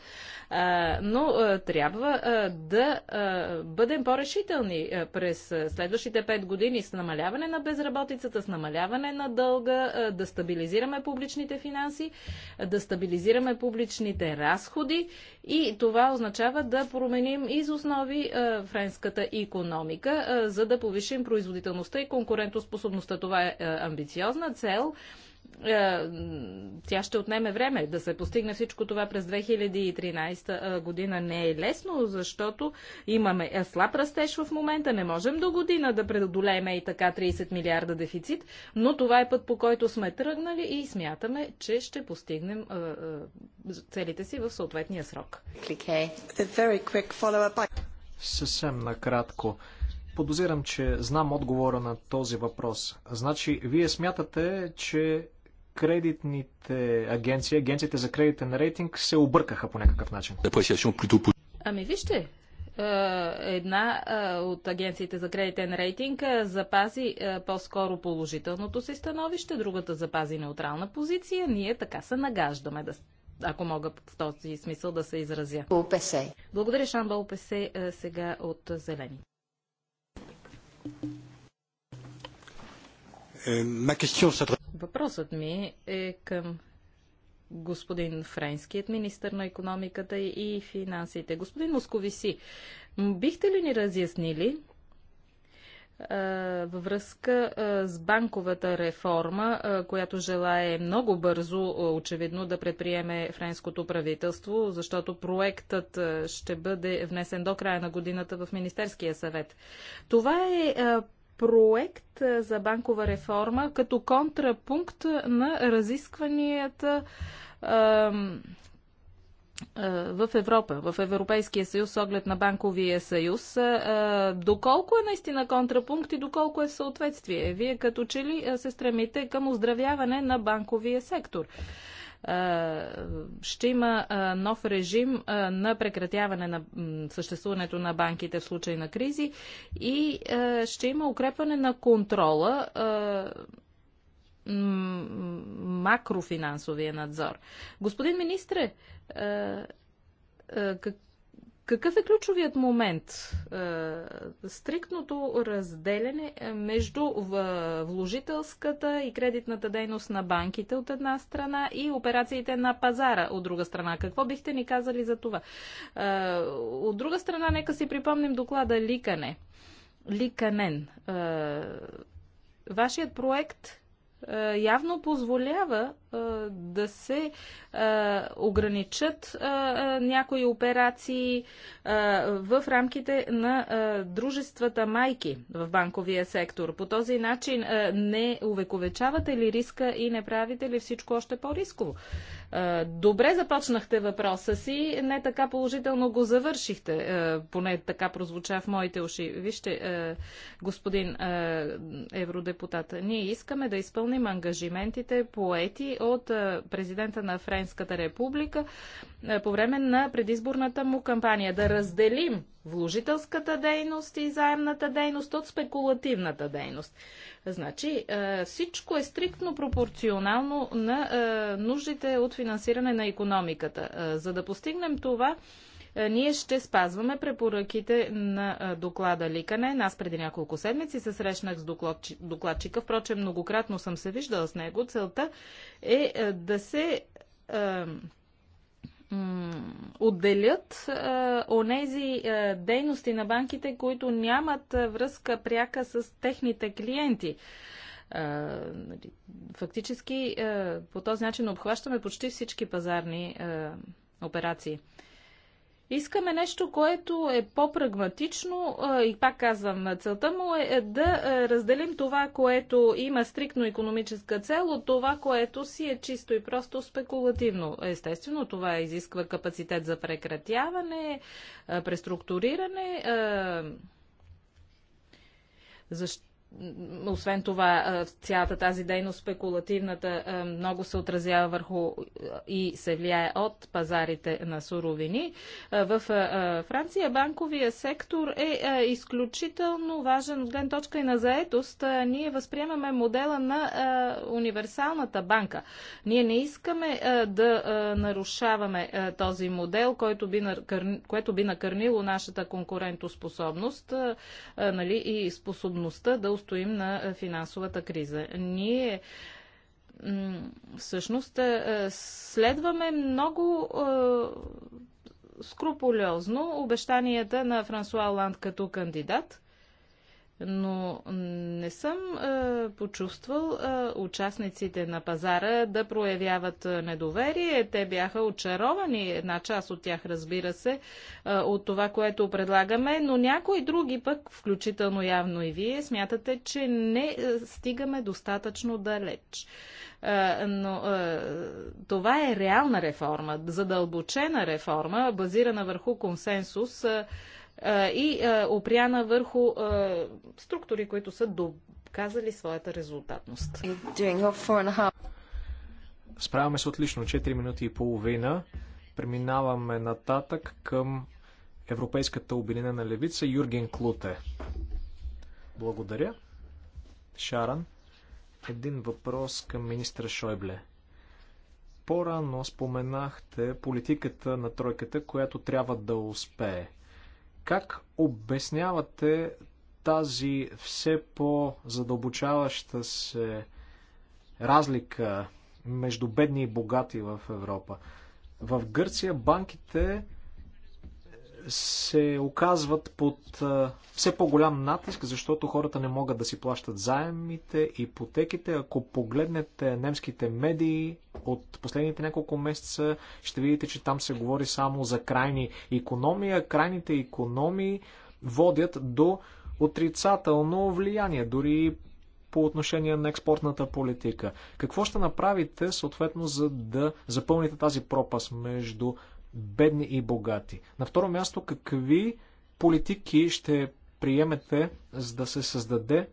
А, е, но а, трябва а, да а, бъдем по-решителни през следващите 5 години с намаляване на безработицата, с намаляване на дълга, а, да стабилизираме публичните финанси, а, да стабилизираме публичните разходи доходи и това означава да променим из основи е, френската економика, е, за да повишим производителността и конкурентоспособността. Това е, е амбициозна цел е, тя ще отнеме време да се постигне всичко това през 2013 е, година. Не е лесно, защото имаме е, слаб растеж в момента. Не можем до година да преодолеем и така 30 милиарда дефицит, но това е път по който сме тръгнали и смятаме, че ще постигнем целите си в съответния срок. Съвсем накратко подозирам, че знам отговора на този въпрос. Значи, вие смятате, че кредитните агенции, агенциите за кредитен рейтинг се объркаха по някакъв начин. Ами вижте, е, една е, от агенциите за кредитен рейтинг е, запази по-скоро положителното си становище, другата запази неутрална позиция. Ние така се нагаждаме, да, ако мога в този смисъл да се изразя. Благодаря, Шамба Опесе, сега от Зелени. Е, Въпросът ми е към господин Френският министр на економиката и финансите. Господин Московиси, бихте ли ни разяснили във връзка с банковата реформа, която желае много бързо, очевидно, да предприеме френското правителство, защото проектът ще бъде внесен до края на годината в Министерския съвет. Това е проект за банкова реформа като контрапункт на разискванията в Европа, в Европейския съюз, оглед на банковия съюз. Доколко е наистина контрапункт и доколко е в съответствие? Вие като че ли се стремите към оздравяване на банковия сектор? ще има нов режим на прекратяване на съществуването на банките в случай на кризи и ще има укрепване на контрола макрофинансовия надзор. Господин министре, как, какъв е ключовият момент? Е, стриктното разделяне е, между вложителската и кредитната дейност на банките от една страна и операциите на пазара от друга страна. Какво бихте ни казали за това? Е, от друга страна, нека си припомним доклада Ликане. Ликанен. Вашият проект явно позволява да се а, ограничат а, някои операции в рамките на дружествата майки в банковия сектор. По този начин не увековечавате ли риска и не правите ли всичко още по-рисково? Добре започнахте въпроса си, не така положително го завършихте, поне така прозвуча в моите уши. Вижте, господин евродепутат, ние искаме да изпълним ангажиментите поети от е, президента на Френската република е, по време на предизборната му кампания. Да разделим вложителската дейност и заемната дейност от спекулативната дейност. Значи е, всичко е стриктно пропорционално на нуждите от финансиране на економиката. За да постигнем това, е, ние ще спазваме препоръките на е, доклада Ликанен. Аз преди няколко седмици се срещнах с докладчика, впрочем многократно съм се виждала с него. Целта е, е да се отделят онези дейности на банките, които нямат връзка пряка с техните клиенти. Нали, фактически по този начин обхващаме почти всички пазарни операции. Искаме нещо, което е по-прагматично и пак казвам, целта му е, е да разделим това, което има стрикно економическа цел от това, което си е чисто и просто спекулативно. Естествено, това изисква капацитет за прекратяване, преструктуриране. Защо? освен това, цялата тази дейност, спекулативната, много се отразява върху и се влияе от пазарите на суровини. В Франция банковия сектор е изключително важен от гледна точка и на заетост. Ние възприемаме модела на универсалната банка. Ние не искаме да нарушаваме този модел, който би накърни, което би накърнило нашата конкурентоспособност нали, и способността да устоим на е, финансовата криза. Ние всъщност е, е, следваме много скрупулезно обещанията на Франсуа Ланд като кандидат – но не съм е, почувствал е, участниците на пазара да проявяват е, недоверие. Те бяха очаровани, една част от тях, разбира се, е, от това, което предлагаме, но някои други пък, включително явно и вие, смятате, че не е, стигаме достатъчно далеч. Е, но това е реална реформа, задълбочена реформа, базирана върху консенсус и опряна върху структури, които са доказали своята резултатност. Справяме се отлично. 4 минути и половина. Преминаваме нататък към Европейската обединена левица Юрген Клуте. Благодаря. Шаран, един въпрос към министра Шойбле. По-рано споменахте политиката на тройката, която трябва да успее. Как обяснявате тази все по-задълбочаваща се разлика между бедни и богати в Европа? В Гърция банките се оказват под все по-голям натиск, защото хората не могат да си плащат заемите, ипотеките. Ако погледнете немските медии от последните няколко месеца, ще видите, че там се говори само за крайни економии. Крайните економии водят до отрицателно влияние, дори по отношение на експортната политика. Какво ще направите, съответно, за да запълните тази пропаст между бедни и богати. На второ място, какви политики ще приемете, за да се създаде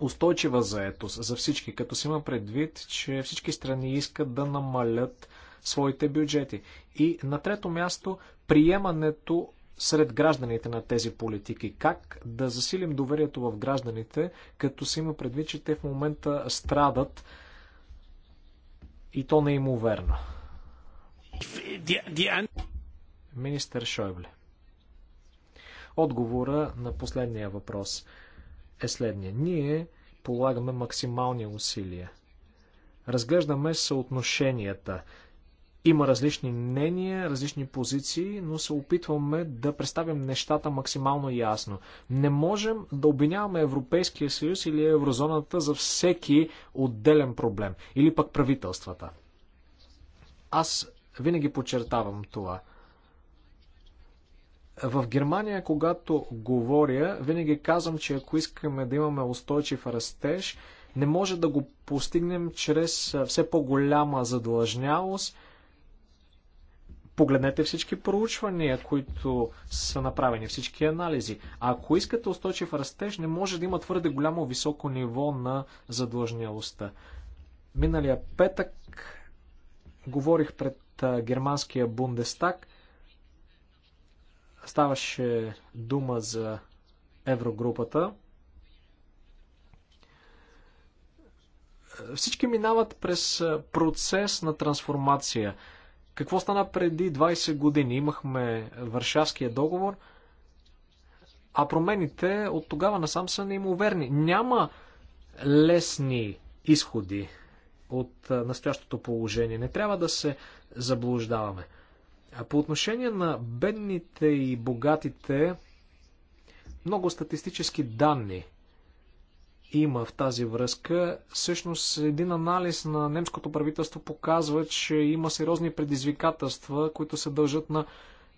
устойчива заетост за всички, като си има предвид, че всички страни искат да намалят своите бюджети. И на трето място, приемането сред гражданите на тези политики. Как да засилим доверието в гражданите, като си има предвид, че те в момента страдат и то неимоверно. Е the, the Министър Шойбле. Отговора на последния въпрос е следния. Ние полагаме максимални усилия. Разглеждаме съотношенията. Има различни мнения, различни позиции, но се опитваме да представим нещата максимално ясно. Не можем да обвиняваме Европейския съюз или еврозоната за всеки отделен проблем или пък правителствата. Аз винаги подчертавам това – в Германия, когато говоря, винаги казвам, че ако искаме да имаме устойчив растеж, не може да го постигнем чрез все по-голяма задлъжнялост. Погледнете всички проучвания, които са направени, всички анализи. А ако искате устойчив растеж, не може да има твърде голямо високо ниво на задлъжнялостта. Миналия петък говорих пред германския Бундестаг – Ставаше дума за еврогрупата. Всички минават през процес на трансформация. Какво стана преди 20 години? Имахме Варшавския договор, а промените от тогава насам са неимоверни. Няма лесни изходи от настоящото положение. Не трябва да се заблуждаваме. По отношение на бедните и богатите, много статистически данни има в тази връзка. Всъщност един анализ на немското правителство показва, че има сериозни предизвикателства, които се дължат на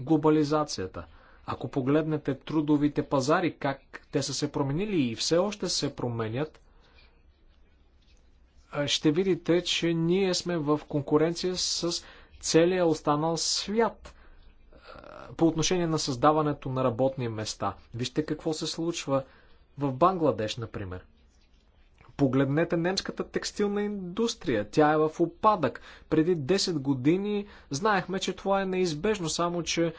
глобализацията. Ако погледнете трудовите пазари, как те са се променили и все още се променят, ще видите, че ние сме в конкуренция с целия останал свят е, по отношение на създаването на работни места. Вижте какво се случва в Бангладеш, например. Погледнете немската текстилна индустрия. Тя е в опадък. Преди 10 години знаехме, че това е неизбежно, само че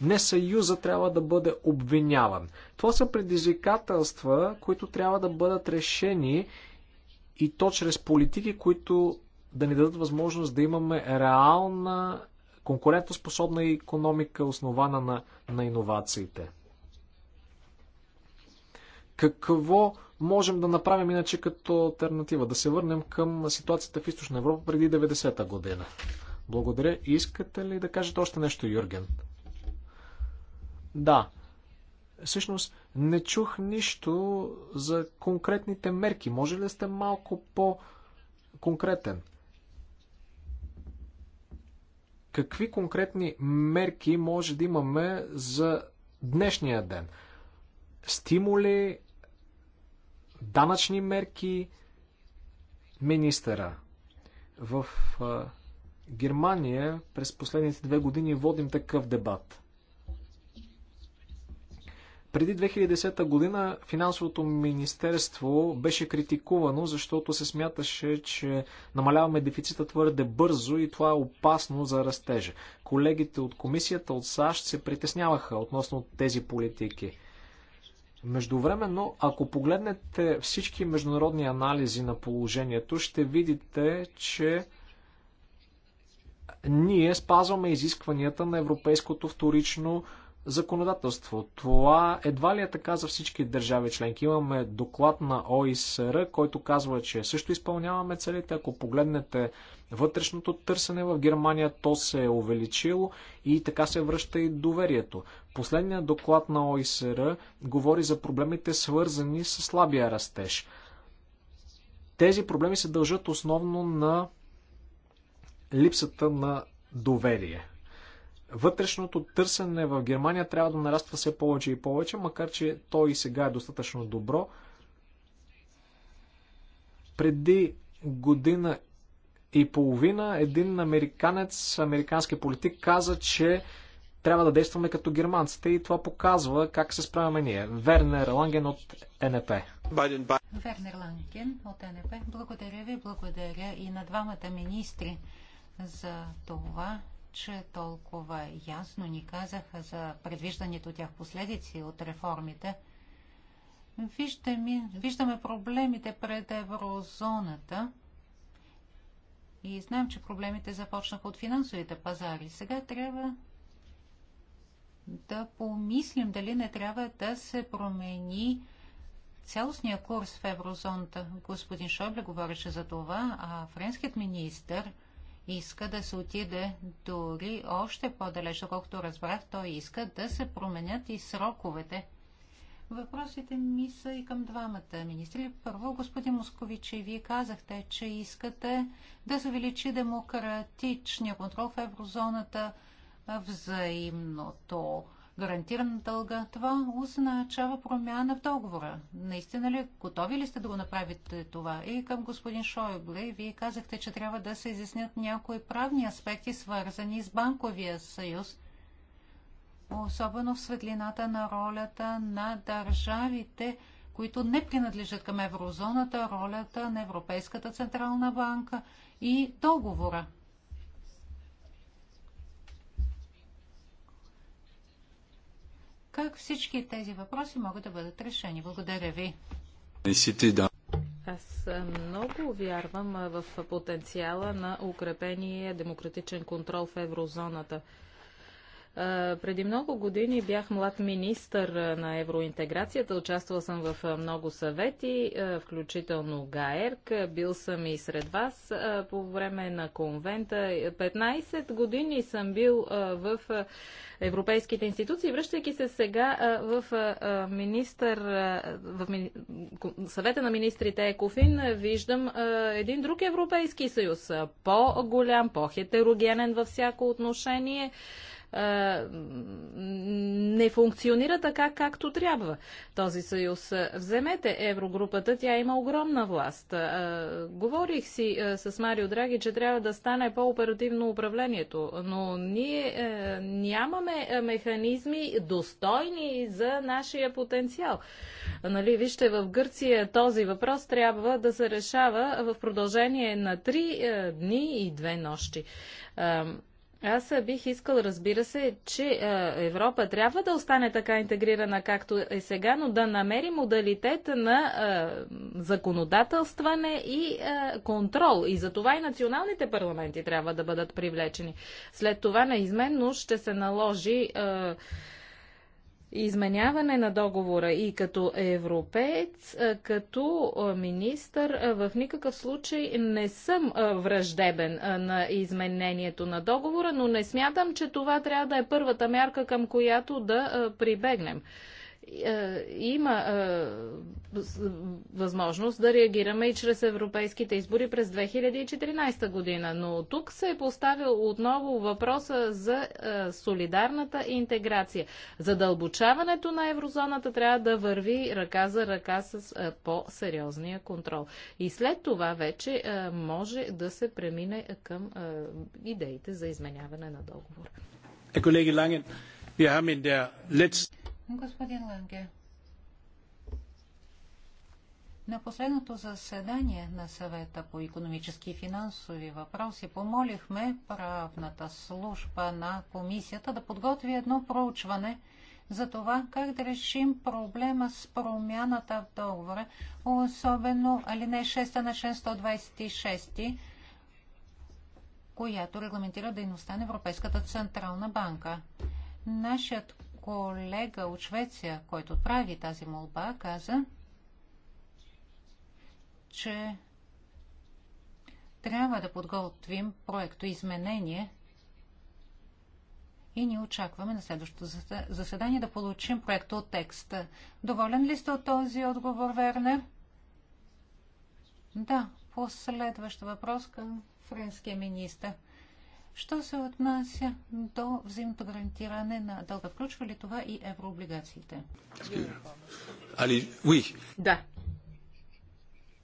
не съюза трябва да бъде обвиняван. Това са предизвикателства, които трябва да бъдат решени и то чрез политики, които да ни дадат възможност да имаме реална конкурентоспособна економика, основана на, на иновациите. Какво можем да направим иначе като альтернатива? Да се върнем към ситуацията в Източна Европа преди 90-та година. Благодаря. Искате ли да кажете още нещо, Юрген? Да. Всъщност, не чух нищо за конкретните мерки. Може ли да сте малко по-конкретен? Какви конкретни мерки може да имаме за днешния ден? Стимули, данъчни мерки, министъра. В Германия през последните две години водим такъв дебат – преди 2010 година финансовото министерство беше критикувано, защото се смяташе, че намаляваме дефицита твърде бързо и това е опасно за растежа. Колегите от комисията от САЩ се притесняваха относно тези политики. Междувременно, ако погледнете всички международни анализи на положението, ще видите, че ние спазваме изискванията на европейското вторично законодателство. Това едва ли е така за всички държави членки. Имаме доклад на ОИСР, който казва, че също изпълняваме целите. Ако погледнете вътрешното търсене в Германия, то се е увеличило и така се връща и доверието. Последният доклад на ОИСР говори за проблемите свързани с слабия растеж. Тези проблеми се дължат основно на липсата на доверие Вътрешното търсене в Германия трябва да нараства все повече и повече, макар че то и сега е достатъчно добро. Преди година и половина един американец, американски политик, каза, че трябва да действаме като германците и това показва как се справяме ние. Вернер Ланген от НП. Вернер Ланген от НП. Благодаря ви, благодаря и на двамата министри за това, че толкова ясно ни казаха за предвижданите от тях последици от реформите. Виждаме, виждаме проблемите пред еврозоната и знаем, че проблемите започнаха от финансовите пазари. Сега трябва да помислим дали не трябва да се промени цялостния курс в еврозоната. Господин Шобле говореше за това, а френският министр – иска да се отиде дори още по-далеч, колкото разбрах, той иска да се променят и сроковете. Въпросите ми са и към двамата министри. Първо, господин и вие казахте, че искате да се увеличи демократичния контрол в еврозоната, взаимното гарантиран дълга, това означава промяна в договора. Наистина ли, готови ли сте да го направите това? И към господин Шойбле, вие казахте, че трябва да се изяснят някои правни аспекти, свързани с банковия съюз, особено в светлината на ролята на държавите, които не принадлежат към еврозоната, ролята на Европейската централна банка и договора. как всички тези въпроси могат да бъдат решени. Благодаря ви. Аз много вярвам в потенциала на укрепения демократичен контрол в еврозоната. Преди много години бях млад министър на евроинтеграцията. Участвал съм в много съвети, включително ГАЕРК. Бил съм и сред вас по време на конвента. 15 години съм бил в европейските институции. Връщайки се сега в, министър, в съвета на министрите Екофин, виждам един друг Европейски съюз. По-голям, по-хетерогенен във всяко отношение не функционира така, както трябва този съюз. Вземете Еврогрупата, тя има огромна власт. Говорих си с Марио Драги, че трябва да стане по-оперативно управлението, но ние нямаме механизми достойни за нашия потенциал. Нали, вижте, в Гърция този въпрос трябва да се решава в продължение на три дни и две нощи. Аз бих искал, разбира се, че Европа трябва да остане така интегрирана, както е сега, но да намери модалитет на законодателстване и контрол. И за това и националните парламенти трябва да бъдат привлечени. След това неизменно ще се наложи изменяване на договора и като европеец, като министър, в никакъв случай не съм враждебен на изменението на договора, но не смятам, че това трябва да е първата мярка, към която да прибегнем. Е, има е, възможност да реагираме и чрез европейските избори през 2014 година. Но тук се е поставил отново въпроса за е, солидарната интеграция. Задълбочаването на еврозоната трябва да върви ръка за ръка с по-сериозния контрол. И след това вече може да се премине към идеите за изменяване на договор. Колеги Ланген, ние имаме в der Господин Ланге, на последното заседание на съвета по економически и финансови въпроси помолихме правната служба на комисията да подготви едно проучване за това как да решим проблема с промяната в договора, особено не 6 на член 126, която регламентира дейността на Европейската централна банка. Нашият колега от Швеция, който отправи тази молба, каза, че трябва да подготвим проекто изменение и ни очакваме на следващото заседание да получим проекто от текста. Доволен ли сте от този отговор, Вернер? Да, последващ въпрос към френския министър. Що се отнася до взаимното гарантиране на дълга, включва ли това и еврооблигациите? Али, oui. Да.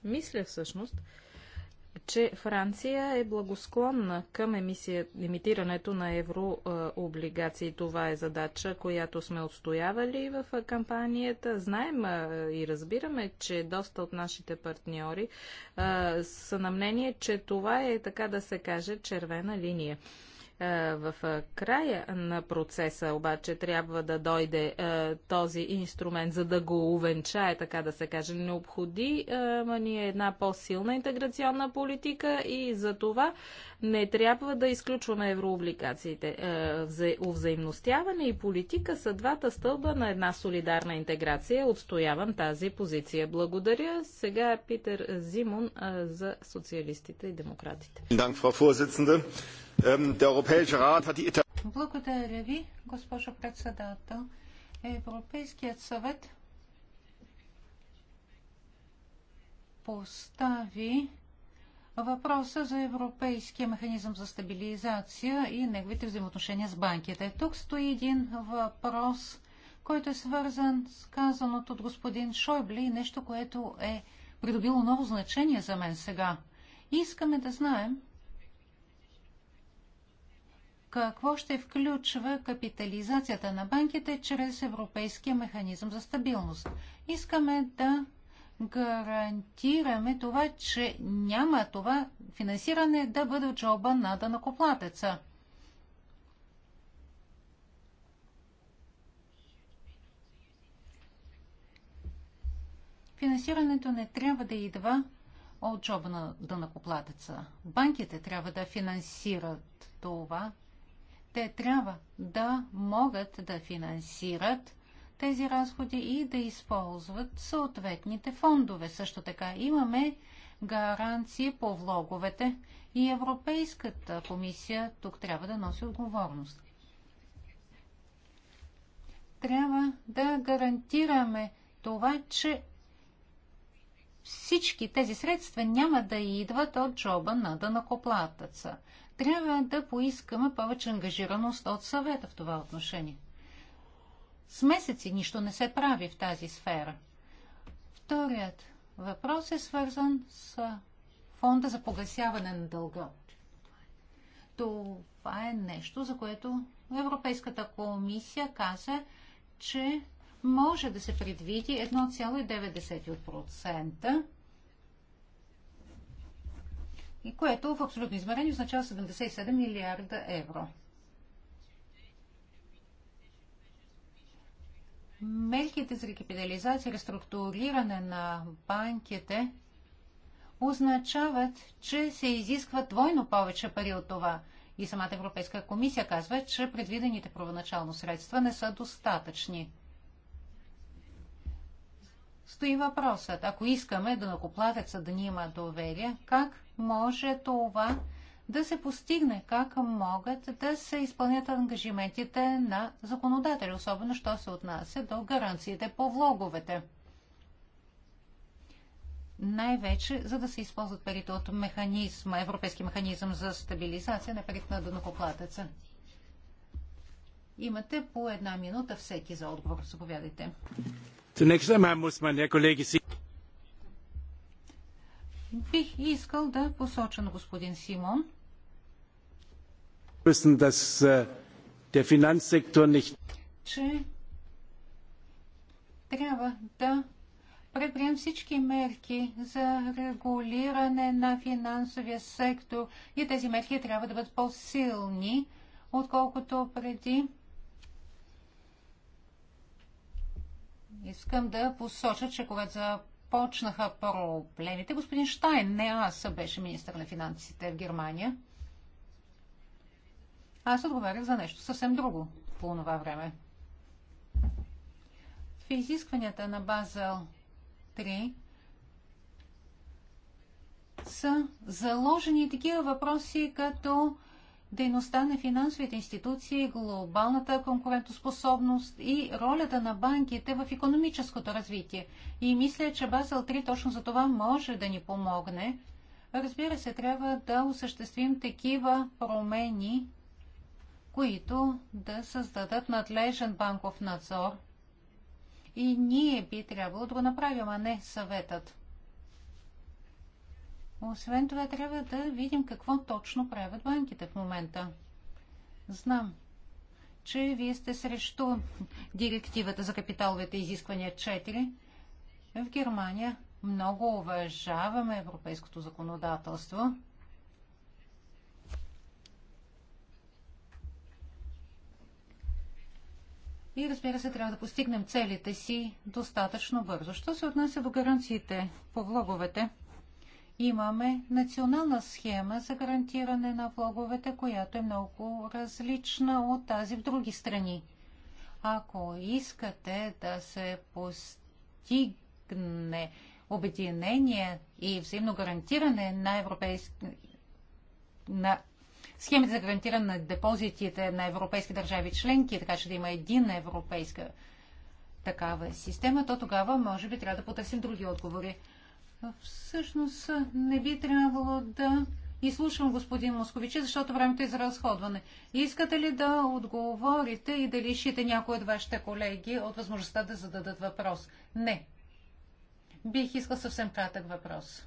Мисля всъщност, че Франция е благосклонна към емисия, емитирането на еврооблигации. Това е задача, която сме отстоявали в кампанията. Знаем и разбираме, че доста от нашите партньори а, са на мнение, че това е така да се каже червена линия. Е, в е, края на процеса обаче трябва да дойде е, този инструмент, за да го увенчае, така да се каже. Необходима ни е една по-силна интеграционна политика и за това не трябва да изключваме еврооблигациите. Е, овзаимностяване и политика са двата стълба на една солидарна интеграция. Отстоявам тази позиция. Благодаря. Сега Питер Зимон е, за социалистите и демократите. Ähm, Благодаря ви, госпожо председател. Европейският съвет постави въпроса за Европейския механизъм за стабилизация и неговите взаимоотношения с банките. Тук стои един въпрос, който е свързан с казаното от господин Шойбли и нещо, което е придобило ново значение за мен сега. Искаме да знаем какво ще включва капитализацията на банките чрез Европейския механизъм за стабилност. Искаме да гарантираме това, че няма това финансиране да бъде от на данакоплатеца. Финансирането не трябва да идва от джоба на данакоплатеца. Банките трябва да финансират това. Те трябва да могат да финансират тези разходи и да използват съответните фондове. Също така имаме гаранции по влоговете и Европейската комисия тук трябва да носи отговорност. Трябва да гарантираме това, че всички тези средства няма да идват от джоба на дънакоплатъца. Трябва да поискаме повече ангажираност от съвета в това отношение с месеци нищо не се прави в тази сфера. Вторият въпрос е свързан с фонда за погасяване на дълга. Това е нещо, за което Европейската комисия каза, че може да се предвиди 1,9% и което в абсолютно измерение означава 77 милиарда евро. Мерките за рекапитализация, реструктуриране на банките означават, че се изисква двойно повече пари от това. И самата Европейска комисия казва, че предвидените първоначално средства не са достатъчни. Стои въпросът, ако искаме да накоплатеца да ни има доверие, как може това да се постигне как могат да се изпълнят ангажиментите на законодатели, особено що се отнася до гаранциите по влоговете. Най-вече, за да се използват парите от механизма, европейски механизъм за стабилизация на парите на дънокоплатеца. Имате по една минута всеки за отговор. Заповядайте. Бих искал да посоча на господин Симон. Äh, че трябва да предприем всички мерки за регулиране на финансовия сектор и тези мерки трябва да бъдат по-силни, отколкото преди. Искам да посоча, че когато за започнаха проблемите. Господин Штайн, не аз беше министър на финансите в Германия. Аз отговарях за нещо съвсем друго по това време. В изискванията на Базел 3 са заложени такива въпроси като дейността на финансовите институции, глобалната конкурентоспособност и ролята на банките в економическото развитие. И мисля, че Базел 3 точно за това може да ни помогне. Разбира се, трябва да осъществим такива промени, които да създадат надлежен банков надзор. И ние би трябвало да го направим, а не съветът. Освен това, трябва да видим какво точно правят банките в момента. Знам, че вие сте срещу директивата за капиталовите изисквания 4. В Германия много уважаваме европейското законодателство. И разбира се, трябва да постигнем целите си достатъчно бързо. Що се отнася до гаранциите по влоговете? имаме национална схема за гарантиране на влоговете, която е много различна от тази в други страни. Ако искате да се постигне обединение и взаимно гарантиране на европейски на схемите за гарантиране на депозитите на европейски държави членки, така че да има един европейска такава система, то тогава може би трябва да потърсим други отговори. Всъщност не би трябвало да изслушвам господин Московичи, защото времето е за разходване. Искате ли да отговорите и да лишите някои от вашите колеги от възможността да зададат въпрос? Не. Бих искал съвсем кратък въпрос.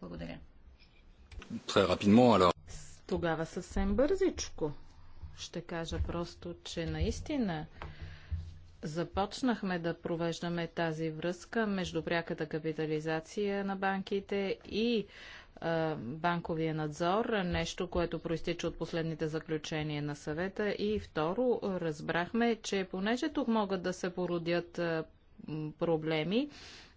Благодаря. Тогава съвсем бързичко. Ще кажа просто, че наистина започнахме да провеждаме тази връзка между пряката капитализация на банките и банковия надзор, нещо, което проистича от последните заключения на съвета. И второ, разбрахме, че понеже тук могат да се породят проблеми,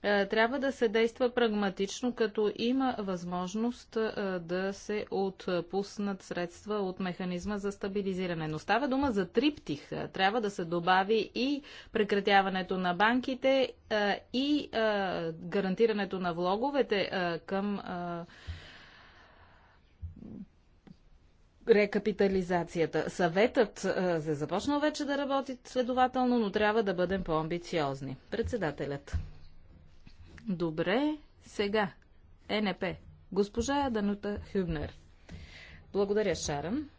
е, трябва да се действа прагматично, като има възможност е, да се отпуснат средства от механизма за стабилизиране. Но става дума за триптих. Е, трябва да се добави и прекратяването на банките и гарантирането на влоговете към рекапитализацията. Съветът се започнал вече да работи следователно, но трябва да бъдем по-амбициозни. Председателят. Добре, сега. Е НП. Госпожа Данута Хюбнер. Благодаря, Шаран.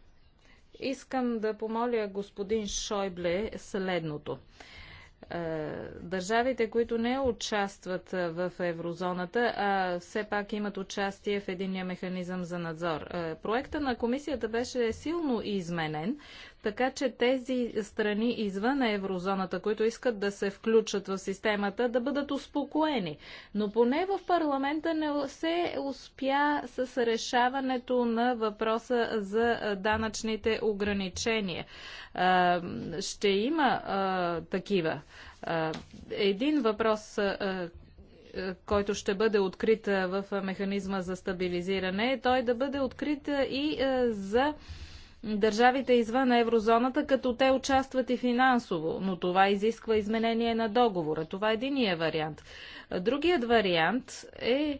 Искам да помоля господин Шойбле следното. Е, държавите, които не участват в еврозоната, а все пак имат участие в единия механизъм за надзор. Е, проекта на комисията беше силно изменен, така че тези страни извън еврозоната, които искат да се включат в системата, да бъдат успокоени. Но поне в парламента не се успя с решаването на въпроса за данъчните ограничения. Ще има такива. Един въпрос, който ще бъде открит в механизма за стабилизиране, е той да бъде открит и за държавите извън еврозоната, като те участват и финансово, но това изисква изменение на договора. Това е единия вариант. Другият вариант е, е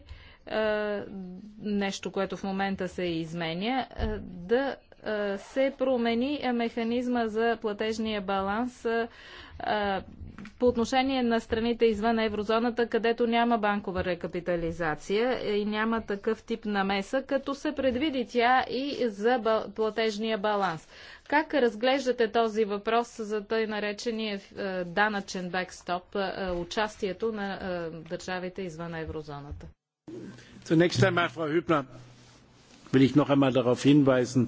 нещо, което в момента се изменя, е, да е, се промени механизма за платежния баланс е, по отношение на страните извън еврозоната, където няма банкова рекапитализация и няма такъв тип намеса, като се предвиди тя и за платежния баланс. Как разглеждате този въпрос за тъй наречения е, данъчен бекстоп, е, участието на е, държавите извън еврозоната? Zunächst einmal, Frau Hübner, will ich noch einmal darauf hinweisen,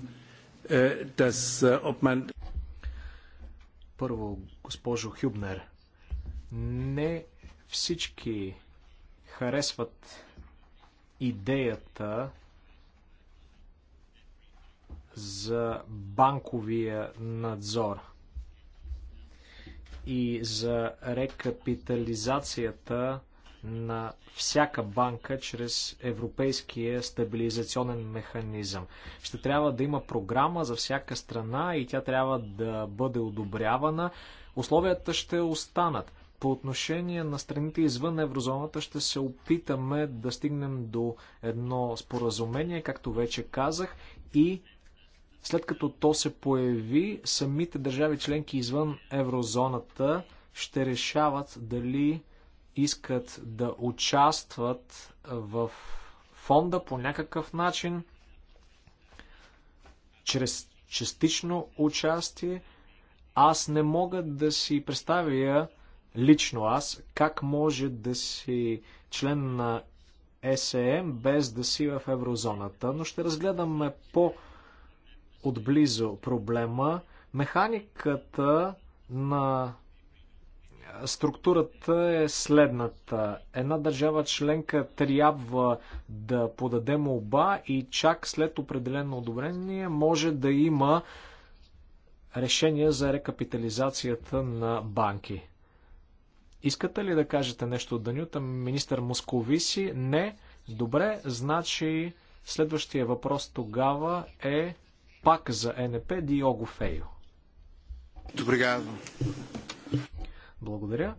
äh, dass äh, ob man... Първо, госпожо Хюбнер, не всички харесват идеята за банковия надзор и за рекапитализацията на всяка банка чрез Европейския стабилизационен механизъм. Ще трябва да има програма за всяка страна и тя трябва да бъде одобрявана. Условията ще останат. По отношение на страните извън еврозоната ще се опитаме да стигнем до едно споразумение, както вече казах, и след като то се появи, самите държави членки извън еврозоната ще решават дали искат да участват в фонда по някакъв начин, чрез частично участие. Аз не мога да си представя лично аз, как може да си член на е СЕМ без да си в еврозоната, но ще разгледаме по отблизо проблема. Механиката на структурата е следната. Една държава членка трябва да подаде молба и чак след определено одобрение може да има решение за рекапитализацията на банки. Искате ли да кажете нещо от Данюта, министър Московиси? Не. Добре, значи следващия въпрос тогава е пак за НП Диого Фейо. Добре, Благодаря.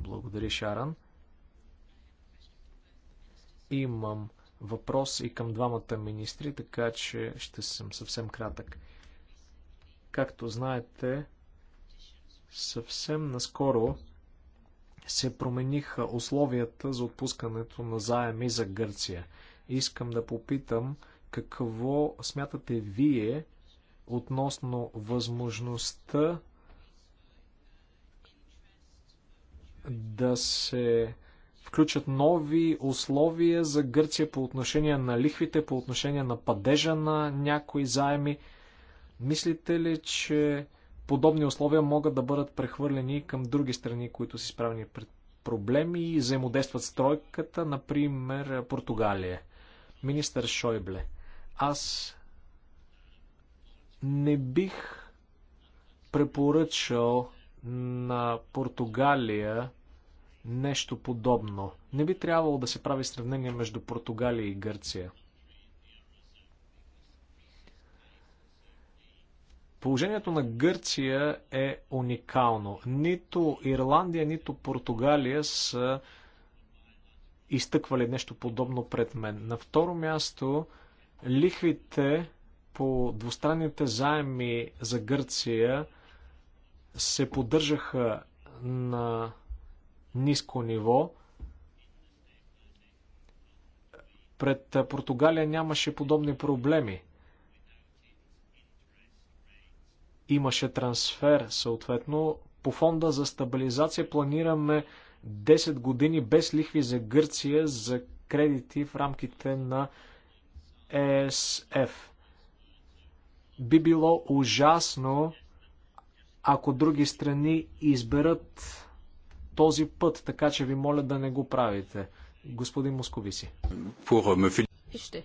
Благодаря, Шаран. Имам въпрос и към двамата министри, така че ще съм съвсем кратък. Както знаете, Съвсем наскоро се промениха условията за отпускането на заеми за Гърция. Искам да попитам какво смятате вие относно възможността да се включат нови условия за Гърция по отношение на лихвите, по отношение на падежа на някои заеми. Мислите ли, че подобни условия могат да бъдат прехвърлени към други страни, които са изправени пред проблеми и взаимодействат с тройката, например Португалия. Министър Шойбле, аз не бих препоръчал на Португалия нещо подобно. Не би трябвало да се прави сравнение между Португалия и Гърция. Положението на Гърция е уникално. Нито Ирландия, нито Португалия са изтъквали нещо подобно пред мен. На второ място, лихвите по двустранните заеми за Гърция се поддържаха на ниско ниво. Пред Португалия нямаше подобни проблеми. Имаше трансфер, съответно, по фонда за стабилизация планираме 10 години без лихви за Гърция за кредити в рамките на ЕСФ. Би било ужасно, ако други страни изберат този път, така че ви моля да не го правите. Господин Московиси. Вижте,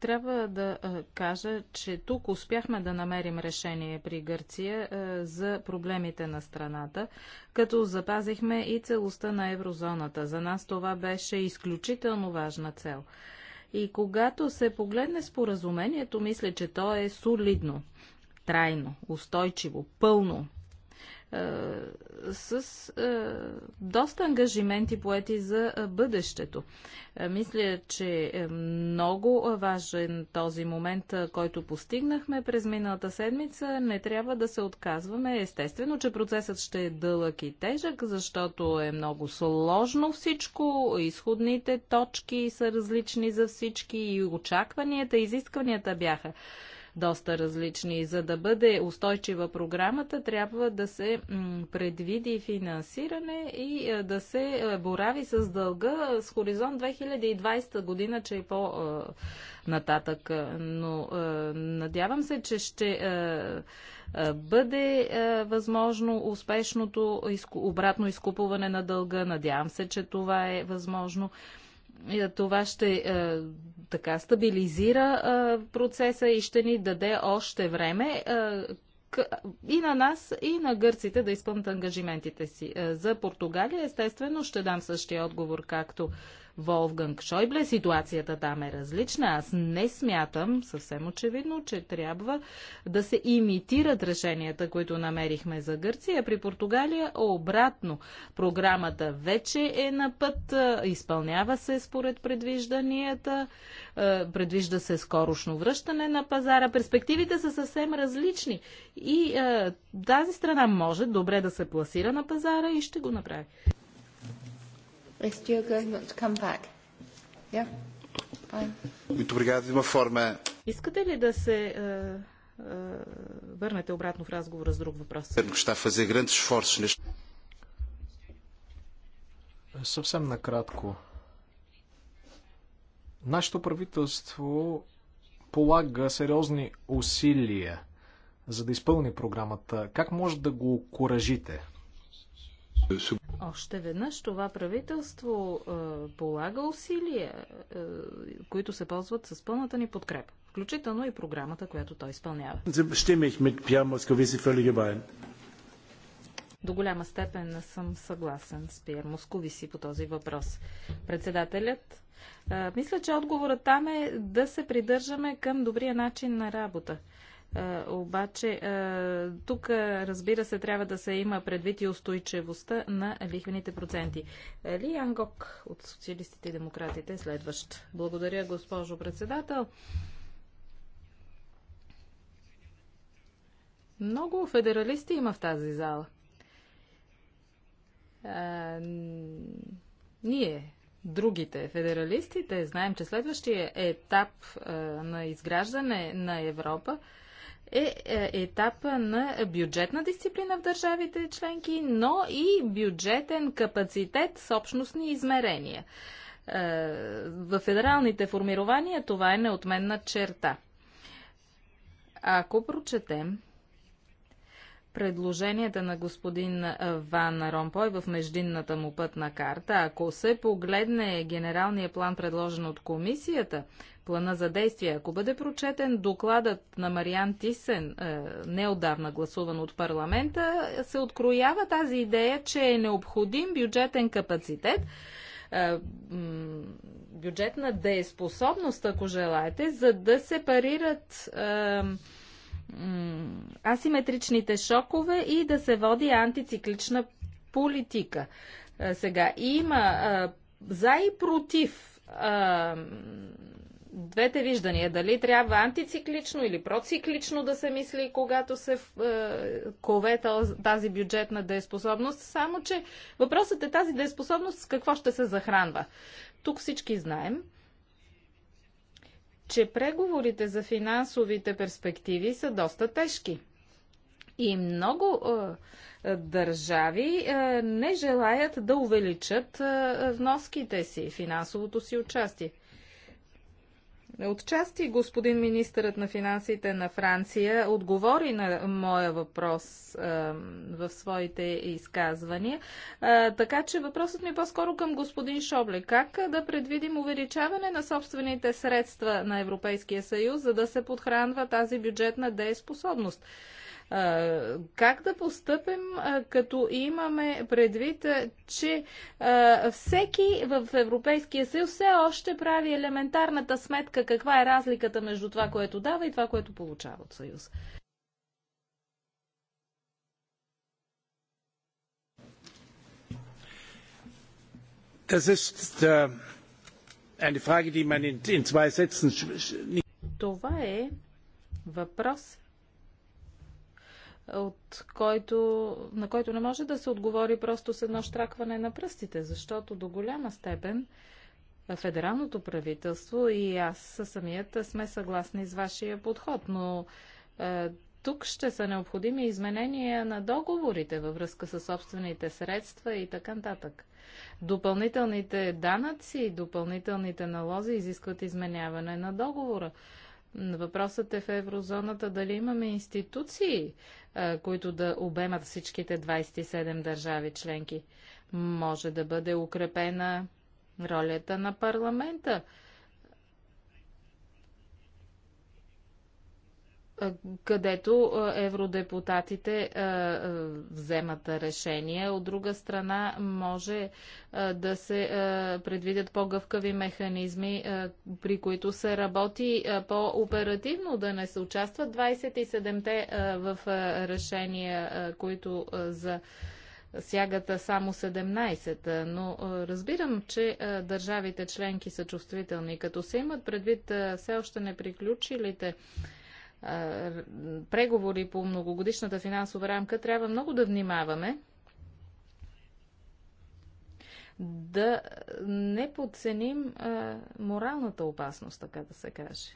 трябва да кажа, че тук успяхме да намерим решение при Гърция за проблемите на страната, като запазихме и целостта на еврозоната. За нас това беше изключително важна цел. И когато се погледне споразумението, мисля, че то е солидно, трайно, устойчиво, пълно с доста ангажименти поети за бъдещето. Мисля, че е много важен този момент, който постигнахме през миналата седмица. Не трябва да се отказваме. Естествено, че процесът ще е дълъг и тежък, защото е много сложно всичко. Изходните точки са различни за всички и очакванията, изискванията бяха доста различни. За да бъде устойчива програмата, трябва да се предвиди финансиране и е, да се е, борави с дълга с хоризонт 2020 година, че е по-нататък. Е, Но надявам се, че ще бъде възможно успешното обратно изкупуване на дълга. Надявам се, че това е възможно това ще е, така стабилизира е, процеса и ще ни даде още време е, к и на нас, и на гърците да изпълнят ангажиментите си. За Португалия, естествено, ще дам същия отговор, както Волфганг Шойбле. Ситуацията там е различна. Аз не смятам, съвсем очевидно, че трябва да се имитират решенията, които намерихме за Гърция. При Португалия обратно. Програмата вече е на път, изпълнява се според предвижданията, предвижда се скорошно връщане на пазара. Перспективите са съвсем различни и тази страна може добре да се пласира на пазара и ще го направи. Muito obrigado. De uma forma... Искате ли да се е, е, върнете обратно в разговора с друг въпрос? Съвсем накратко. Нашето правителство полага сериозни усилия за да изпълни програмата. Как може да го окоръжите? Още веднъж това правителство е, полага усилия, е, които се ползват с пълната ни подкрепа, включително и програмата, която той изпълнява. До голяма степен съм съгласен с Пиер Московиси по този въпрос. Председателят, е, мисля, че отговорът там е да се придържаме към добрия начин на работа – е, обаче, е, тук разбира се, трябва да се има предвид и устойчивостта на лихвените проценти. Ли Ангок от Социалистите и Демократите е следващ. Благодаря, госпожо председател. Много федералисти има в тази зала. А, ние, другите федералистите, знаем, че следващия етап а, на изграждане на Европа е, е етапа на бюджетна дисциплина в държавите членки, но и бюджетен капацитет с общностни измерения. Е, в федералните формирования това е неотменна черта. Ако прочетем предложенията на господин Ван Ромпой в междинната му пътна карта. Ако се погледне генералния план, предложен от комисията, плана за действие, ако бъде прочетен докладът на Мариан Тисен, неодавна гласуван от парламента, се откроява тази идея, че е необходим бюджетен капацитет, бюджетна дееспособност, ако желаете, за да се парират асиметричните шокове и да се води антициклична политика. Сега има за и против двете виждания. Дали трябва антициклично или проциклично да се мисли, когато се а, кове тази бюджетна дееспособност. Само, че въпросът е тази дееспособност с какво ще се захранва. Тук всички знаем, че преговорите за финансовите перспективи са доста тежки. И много е, е, държави е, не желаят да увеличат вноските си, финансовото си участие. Е, Отчасти господин министърът на финансите на Франция отговори на моя въпрос е, в своите изказвания. Е, така че въпросът ми е по-скоро към господин Шобле. Как да предвидим увеличаване на собствените средства на Европейския съюз, за да се подхранва тази бюджетна дееспособност? Как да постъпим, като имаме предвид, че всеки в Европейския съюз все още прави елементарната сметка каква е разликата между това, което дава и това, което получава от съюз? Äh, това е въпрос, от който, на който не може да се отговори просто с едно штракване на пръстите, защото до голяма степен федералното правителство и аз самията сме съгласни с вашия подход, но е, тук ще са необходими изменения на договорите във връзка с собствените средства и така нататък. Допълнителните данъци и допълнителните налози изискват изменяване на договора. Въпросът е в еврозоната дали имаме институции, които да обемат всичките 27 държави членки. Може да бъде укрепена ролята на парламента където евродепутатите вземат решения. От друга страна, може да се предвидят по-гъвкави механизми, при които се работи по-оперативно, да не се участват 27-те в решения, които за сягат само 17, но разбирам, че държавите членки са чувствителни. Като се имат предвид все още неприключилите приключилите преговори по многогодишната финансова рамка, трябва много да внимаваме да не подценим а, моралната опасност, така да се каже.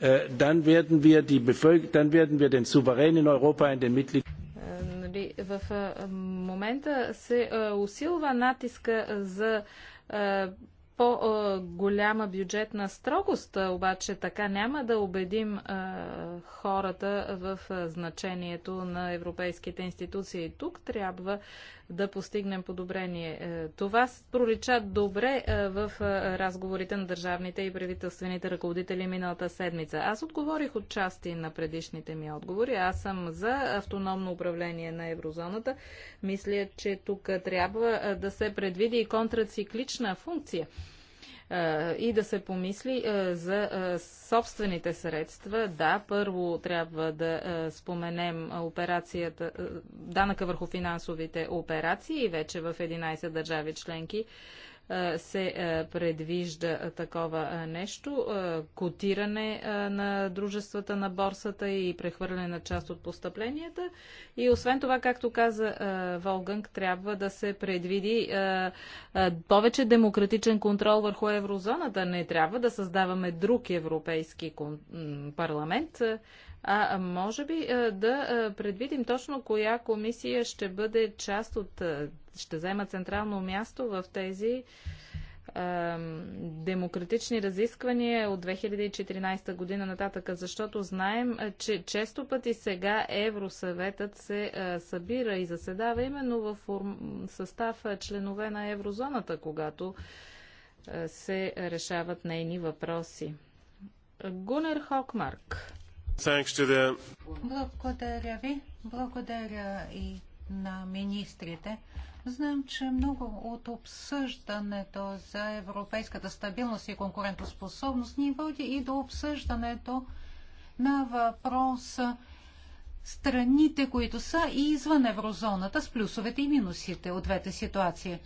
Е, dann werden wir, die Bevölker dann werden wir den Souverän in Europa in den Mitgliedstaaten. Е, нали, в момента се усилва натиска за по-голяма бюджетна строгост, обаче така няма да убедим хората в значението на европейските институции. Тук трябва да постигнем подобрение. Е, това пролича добре е, в разговорите на държавните и правителствените ръководители миналата седмица. Аз отговорих от части на предишните ми отговори. Аз съм за автономно управление на еврозоната. Мисля, че тук трябва да се предвиди и контрациклична функция – и да се помисли за собствените средства. Да, първо трябва да споменем операцията, данъка върху финансовите операции, вече в 11 държави членки е, се е, предвижда такова е, нещо. Котиране на дружествата на борсата и прехвърляне на част от постъпленията. И освен това, както каза Волганг, трябва да се предвиди повече демократичен контрол върху еврозоната. Не трябва да създаваме друг европейски парламент. А може би да предвидим точно коя комисия ще бъде част от, ще взема централно място в тези демократични разисквания от 2014 година нататък, защото знаем, че често пъти сега Евросъветът се събира и заседава именно в състав членове на еврозоната, когато се решават нейни въпроси. Гунер Хокмарк. The... Благодаря ви. Благодаря и на министрите. Знам, че много от обсъждането за европейската стабилност и конкурентоспособност ни води и до обсъждането на въпроса страните, които са и извън еврозоната с плюсовете и минусите от двете ситуации.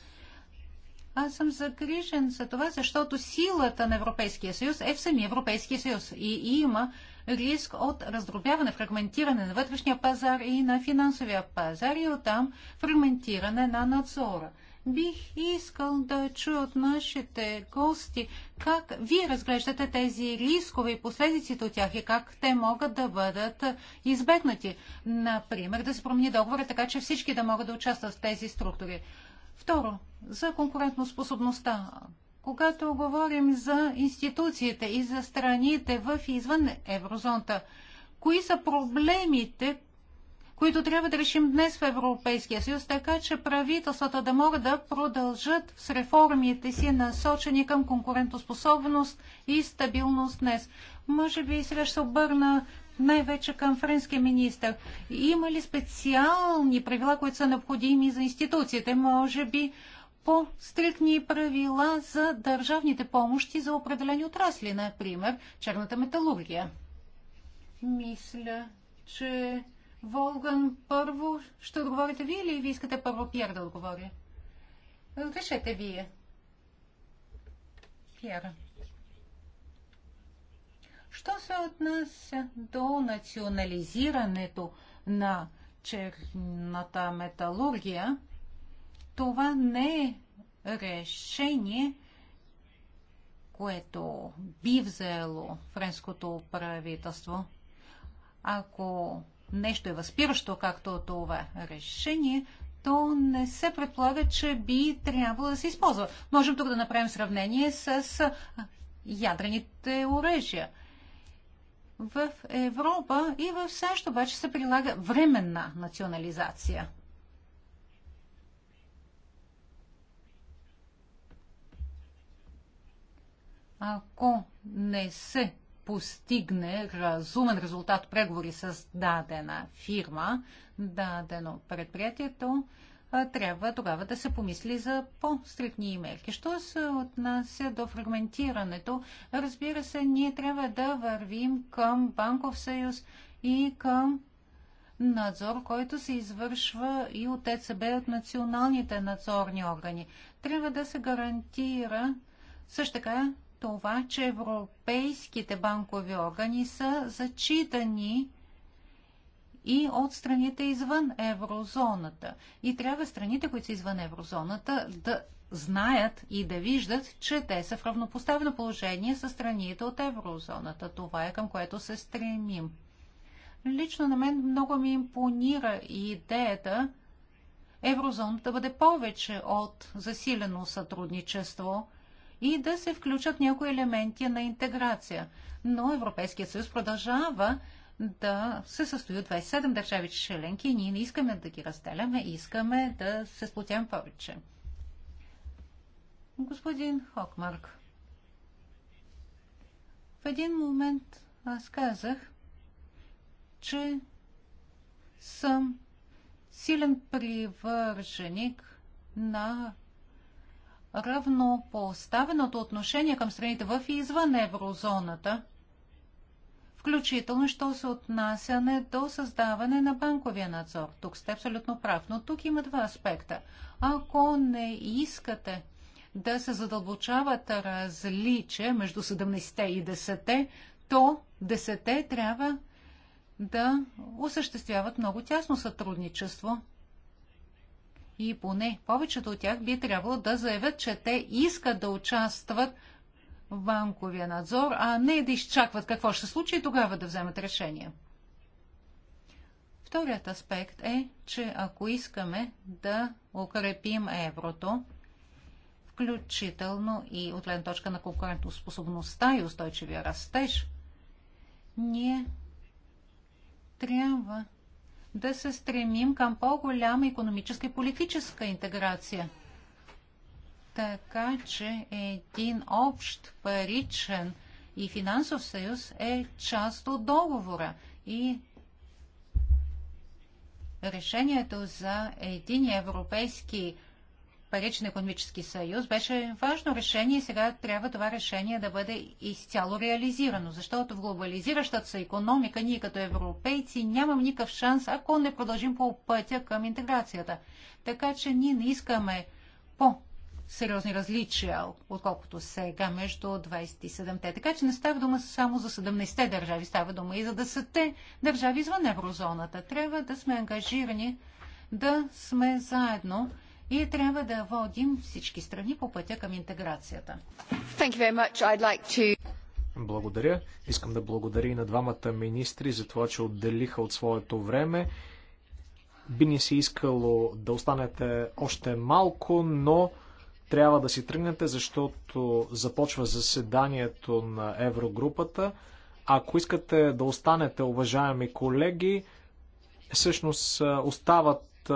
Аз съм загрижен за това, защото силата на Европейския съюз е в самия Европейския съюз и има риск от раздробяване, фрагментиране на вътрешния пазар и на финансовия пазар и оттам фрагментиране на надзора. Бих искал да чуя от нашите гости как вие разглеждате тези рискове и последиците от тях и как те могат да бъдат избегнати. Например, да се промени договора така, че всички да могат да участват в тези структури. Второ, за конкурентоспособността. Когато говорим за институциите и за страните в и извън еврозонта, кои са проблемите, които трябва да решим днес в Европейския съюз, така че правителствата да могат да продължат с реформите си насочени към конкурентоспособност и стабилност днес. Може би сега ще обърна най-вече към френския министр. Има ли специални правила, които са необходими за институциите? Може би по-стрикни правила за държавните помощи за определени отрасли, например черната металургия. Мисля, че Волган първо ще отговорите вие или ви искате първо Пьер да отговори? Решете вие. Пьера. Що се отнася до национализирането на черната металургия, това не е решение, което би взело френското правителство. Ако нещо е възпиращо, както това решение, то не се предполага, че би трябвало да се използва. Можем тук да направим сравнение с ядрените оръжия. В Европа и в САЩ обаче се прилага временна национализация. Ако не се постигне разумен резултат преговори с дадена фирма, дадено предприятието, то трябва тогава да се помисли за по-стрикни мерки. Що се отнася до фрагментирането, разбира се, ние трябва да вървим към банков съюз и към надзор, който се извършва и от ЕЦБ, от националните надзорни органи. Трябва да се гарантира също така това, че европейските банкови органи са зачитани и от страните извън еврозоната. И трябва страните, които са извън еврозоната, да знаят и да виждат, че те са в равнопоставено положение с страните от еврозоната. Това е към което се стремим. Лично на мен много ми импонира и идеята еврозоната да бъде повече от засилено сътрудничество и да се включат някои елементи на интеграция. Но Европейският съюз продължава да се състои от 27 държави членки и ние не искаме да ги разделяме, искаме да се сплотяваме повече. Господин Хокмарк, в един момент аз казах, че съм силен привърженик на равнопоставеното отношение към страните в и извън еврозоната – включително, що се отнасяне до създаване на банковия надзор. Тук сте абсолютно прав, но тук има два аспекта. Ако не искате да се задълбочават различия между 70 те и 10, то 10 трябва да осъществяват много тясно сътрудничество. И поне повечето от тях би трябвало да заявят, че те искат да участват банковия надзор, а не да изчакват какво ще случи и тогава да вземат решение. Вторият аспект е, че ако искаме да укрепим еврото, включително и от гледна точка на конкурентоспособността и устойчивия растеж, ние трябва да се стремим към по-голяма економическа и политическа интеграция – така че един общ паричен и финансов съюз е част от договора и решението за един европейски паричен економически съюз беше важно решение и сега трябва това решение да бъде изцяло реализирано, защото в глобализиращата се економика ние като европейци нямам никакъв шанс, ако не продължим по пътя към интеграцията. Така че ние не искаме по сериозни различия, отколкото сега между 27-те. Така че не става дума само за 17-те държави, става дума и за 10-те държави извън еврозоната. Трябва да сме ангажирани, да сме заедно и трябва да водим всички страни по пътя към интеграцията. Like to... Благодаря. Искам да благодаря и на двамата министри за това, че отделиха от своето време. Би ни се искало да останете още малко, но трябва да си тръгнете, защото започва заседанието на Еврогрупата. Ако искате да останете, уважаеми колеги, всъщност остават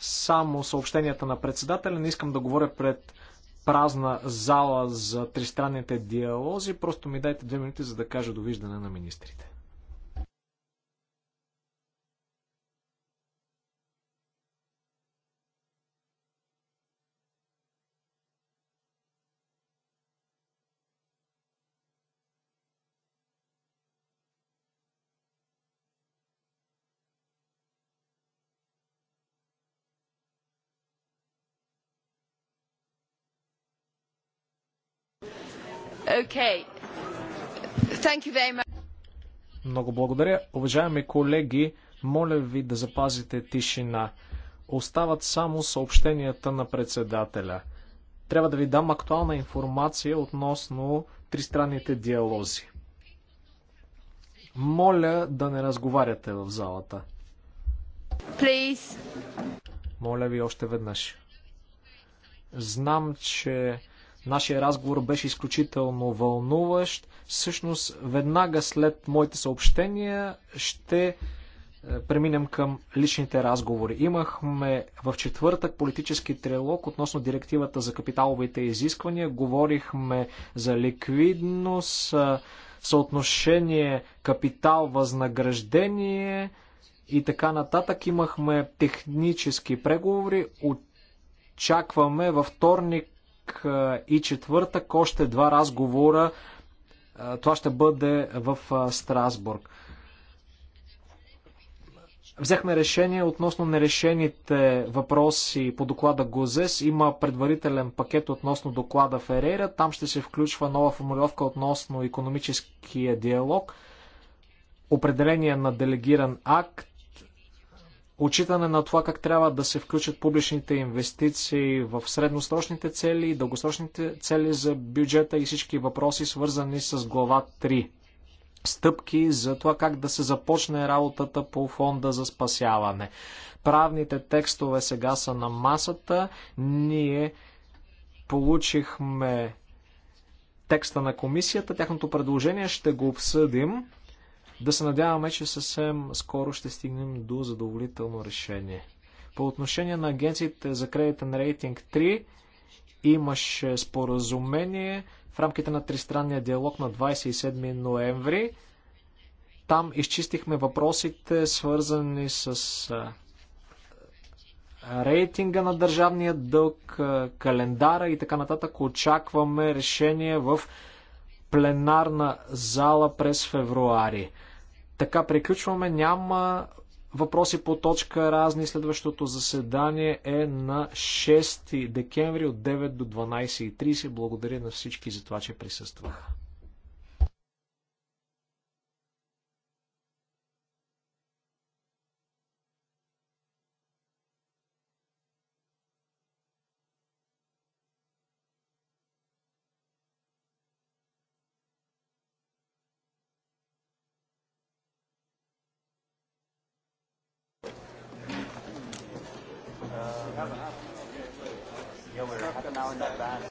само съобщенията на председателя. Не искам да говоря пред празна зала за тристранните диалози. Просто ми дайте две минути, за да кажа довиждане на министрите. Okay. Thank you very much. Много благодаря. Уважаеми колеги, моля ви да запазите тишина. Остават само съобщенията на председателя. Трябва да ви дам актуална информация относно тристранните диалози. Моля да не разговаряте в залата. Please. Моля ви още веднъж. Знам, че Нашия разговор беше изключително вълнуващ. Всъщност, веднага след моите съобщения ще е, преминем към личните разговори. Имахме в четвъртък политически трилог относно директивата за капиталовите изисквания. Говорихме за ликвидност, е, съотношение капитал-възнаграждение и така нататък. Имахме технически преговори. Очакваме във вторник и четвъртък още два разговора. Това ще бъде в Страсбург. Взехме решение относно нерешените въпроси по доклада ГОЗЕС. Има предварителен пакет относно доклада Ферейра. Там ще се включва нова формулировка относно економическия диалог, определение на делегиран акт, отчитане на това как трябва да се включат публичните инвестиции в средносрочните цели и дългосрочните цели за бюджета и всички въпроси, свързани с глава 3. Стъпки за това как да се започне работата по фонда за спасяване. Правните текстове сега са на масата. Ние получихме текста на комисията, тяхното предложение ще го обсъдим да се надяваме, че съвсем скоро ще стигнем до задоволително решение. По отношение на агенциите за кредитен рейтинг 3 имаше споразумение в рамките на тристранния диалог на 27 ноември. Там изчистихме въпросите, свързани с рейтинга на държавния дълг, календара и така нататък. Очакваме решение в пленарна зала през февруари. Така приключваме. Няма въпроси по точка разни. Следващото заседание е на 6 декември от 9 до 12.30. Благодаря на всички за това, че присъстваха.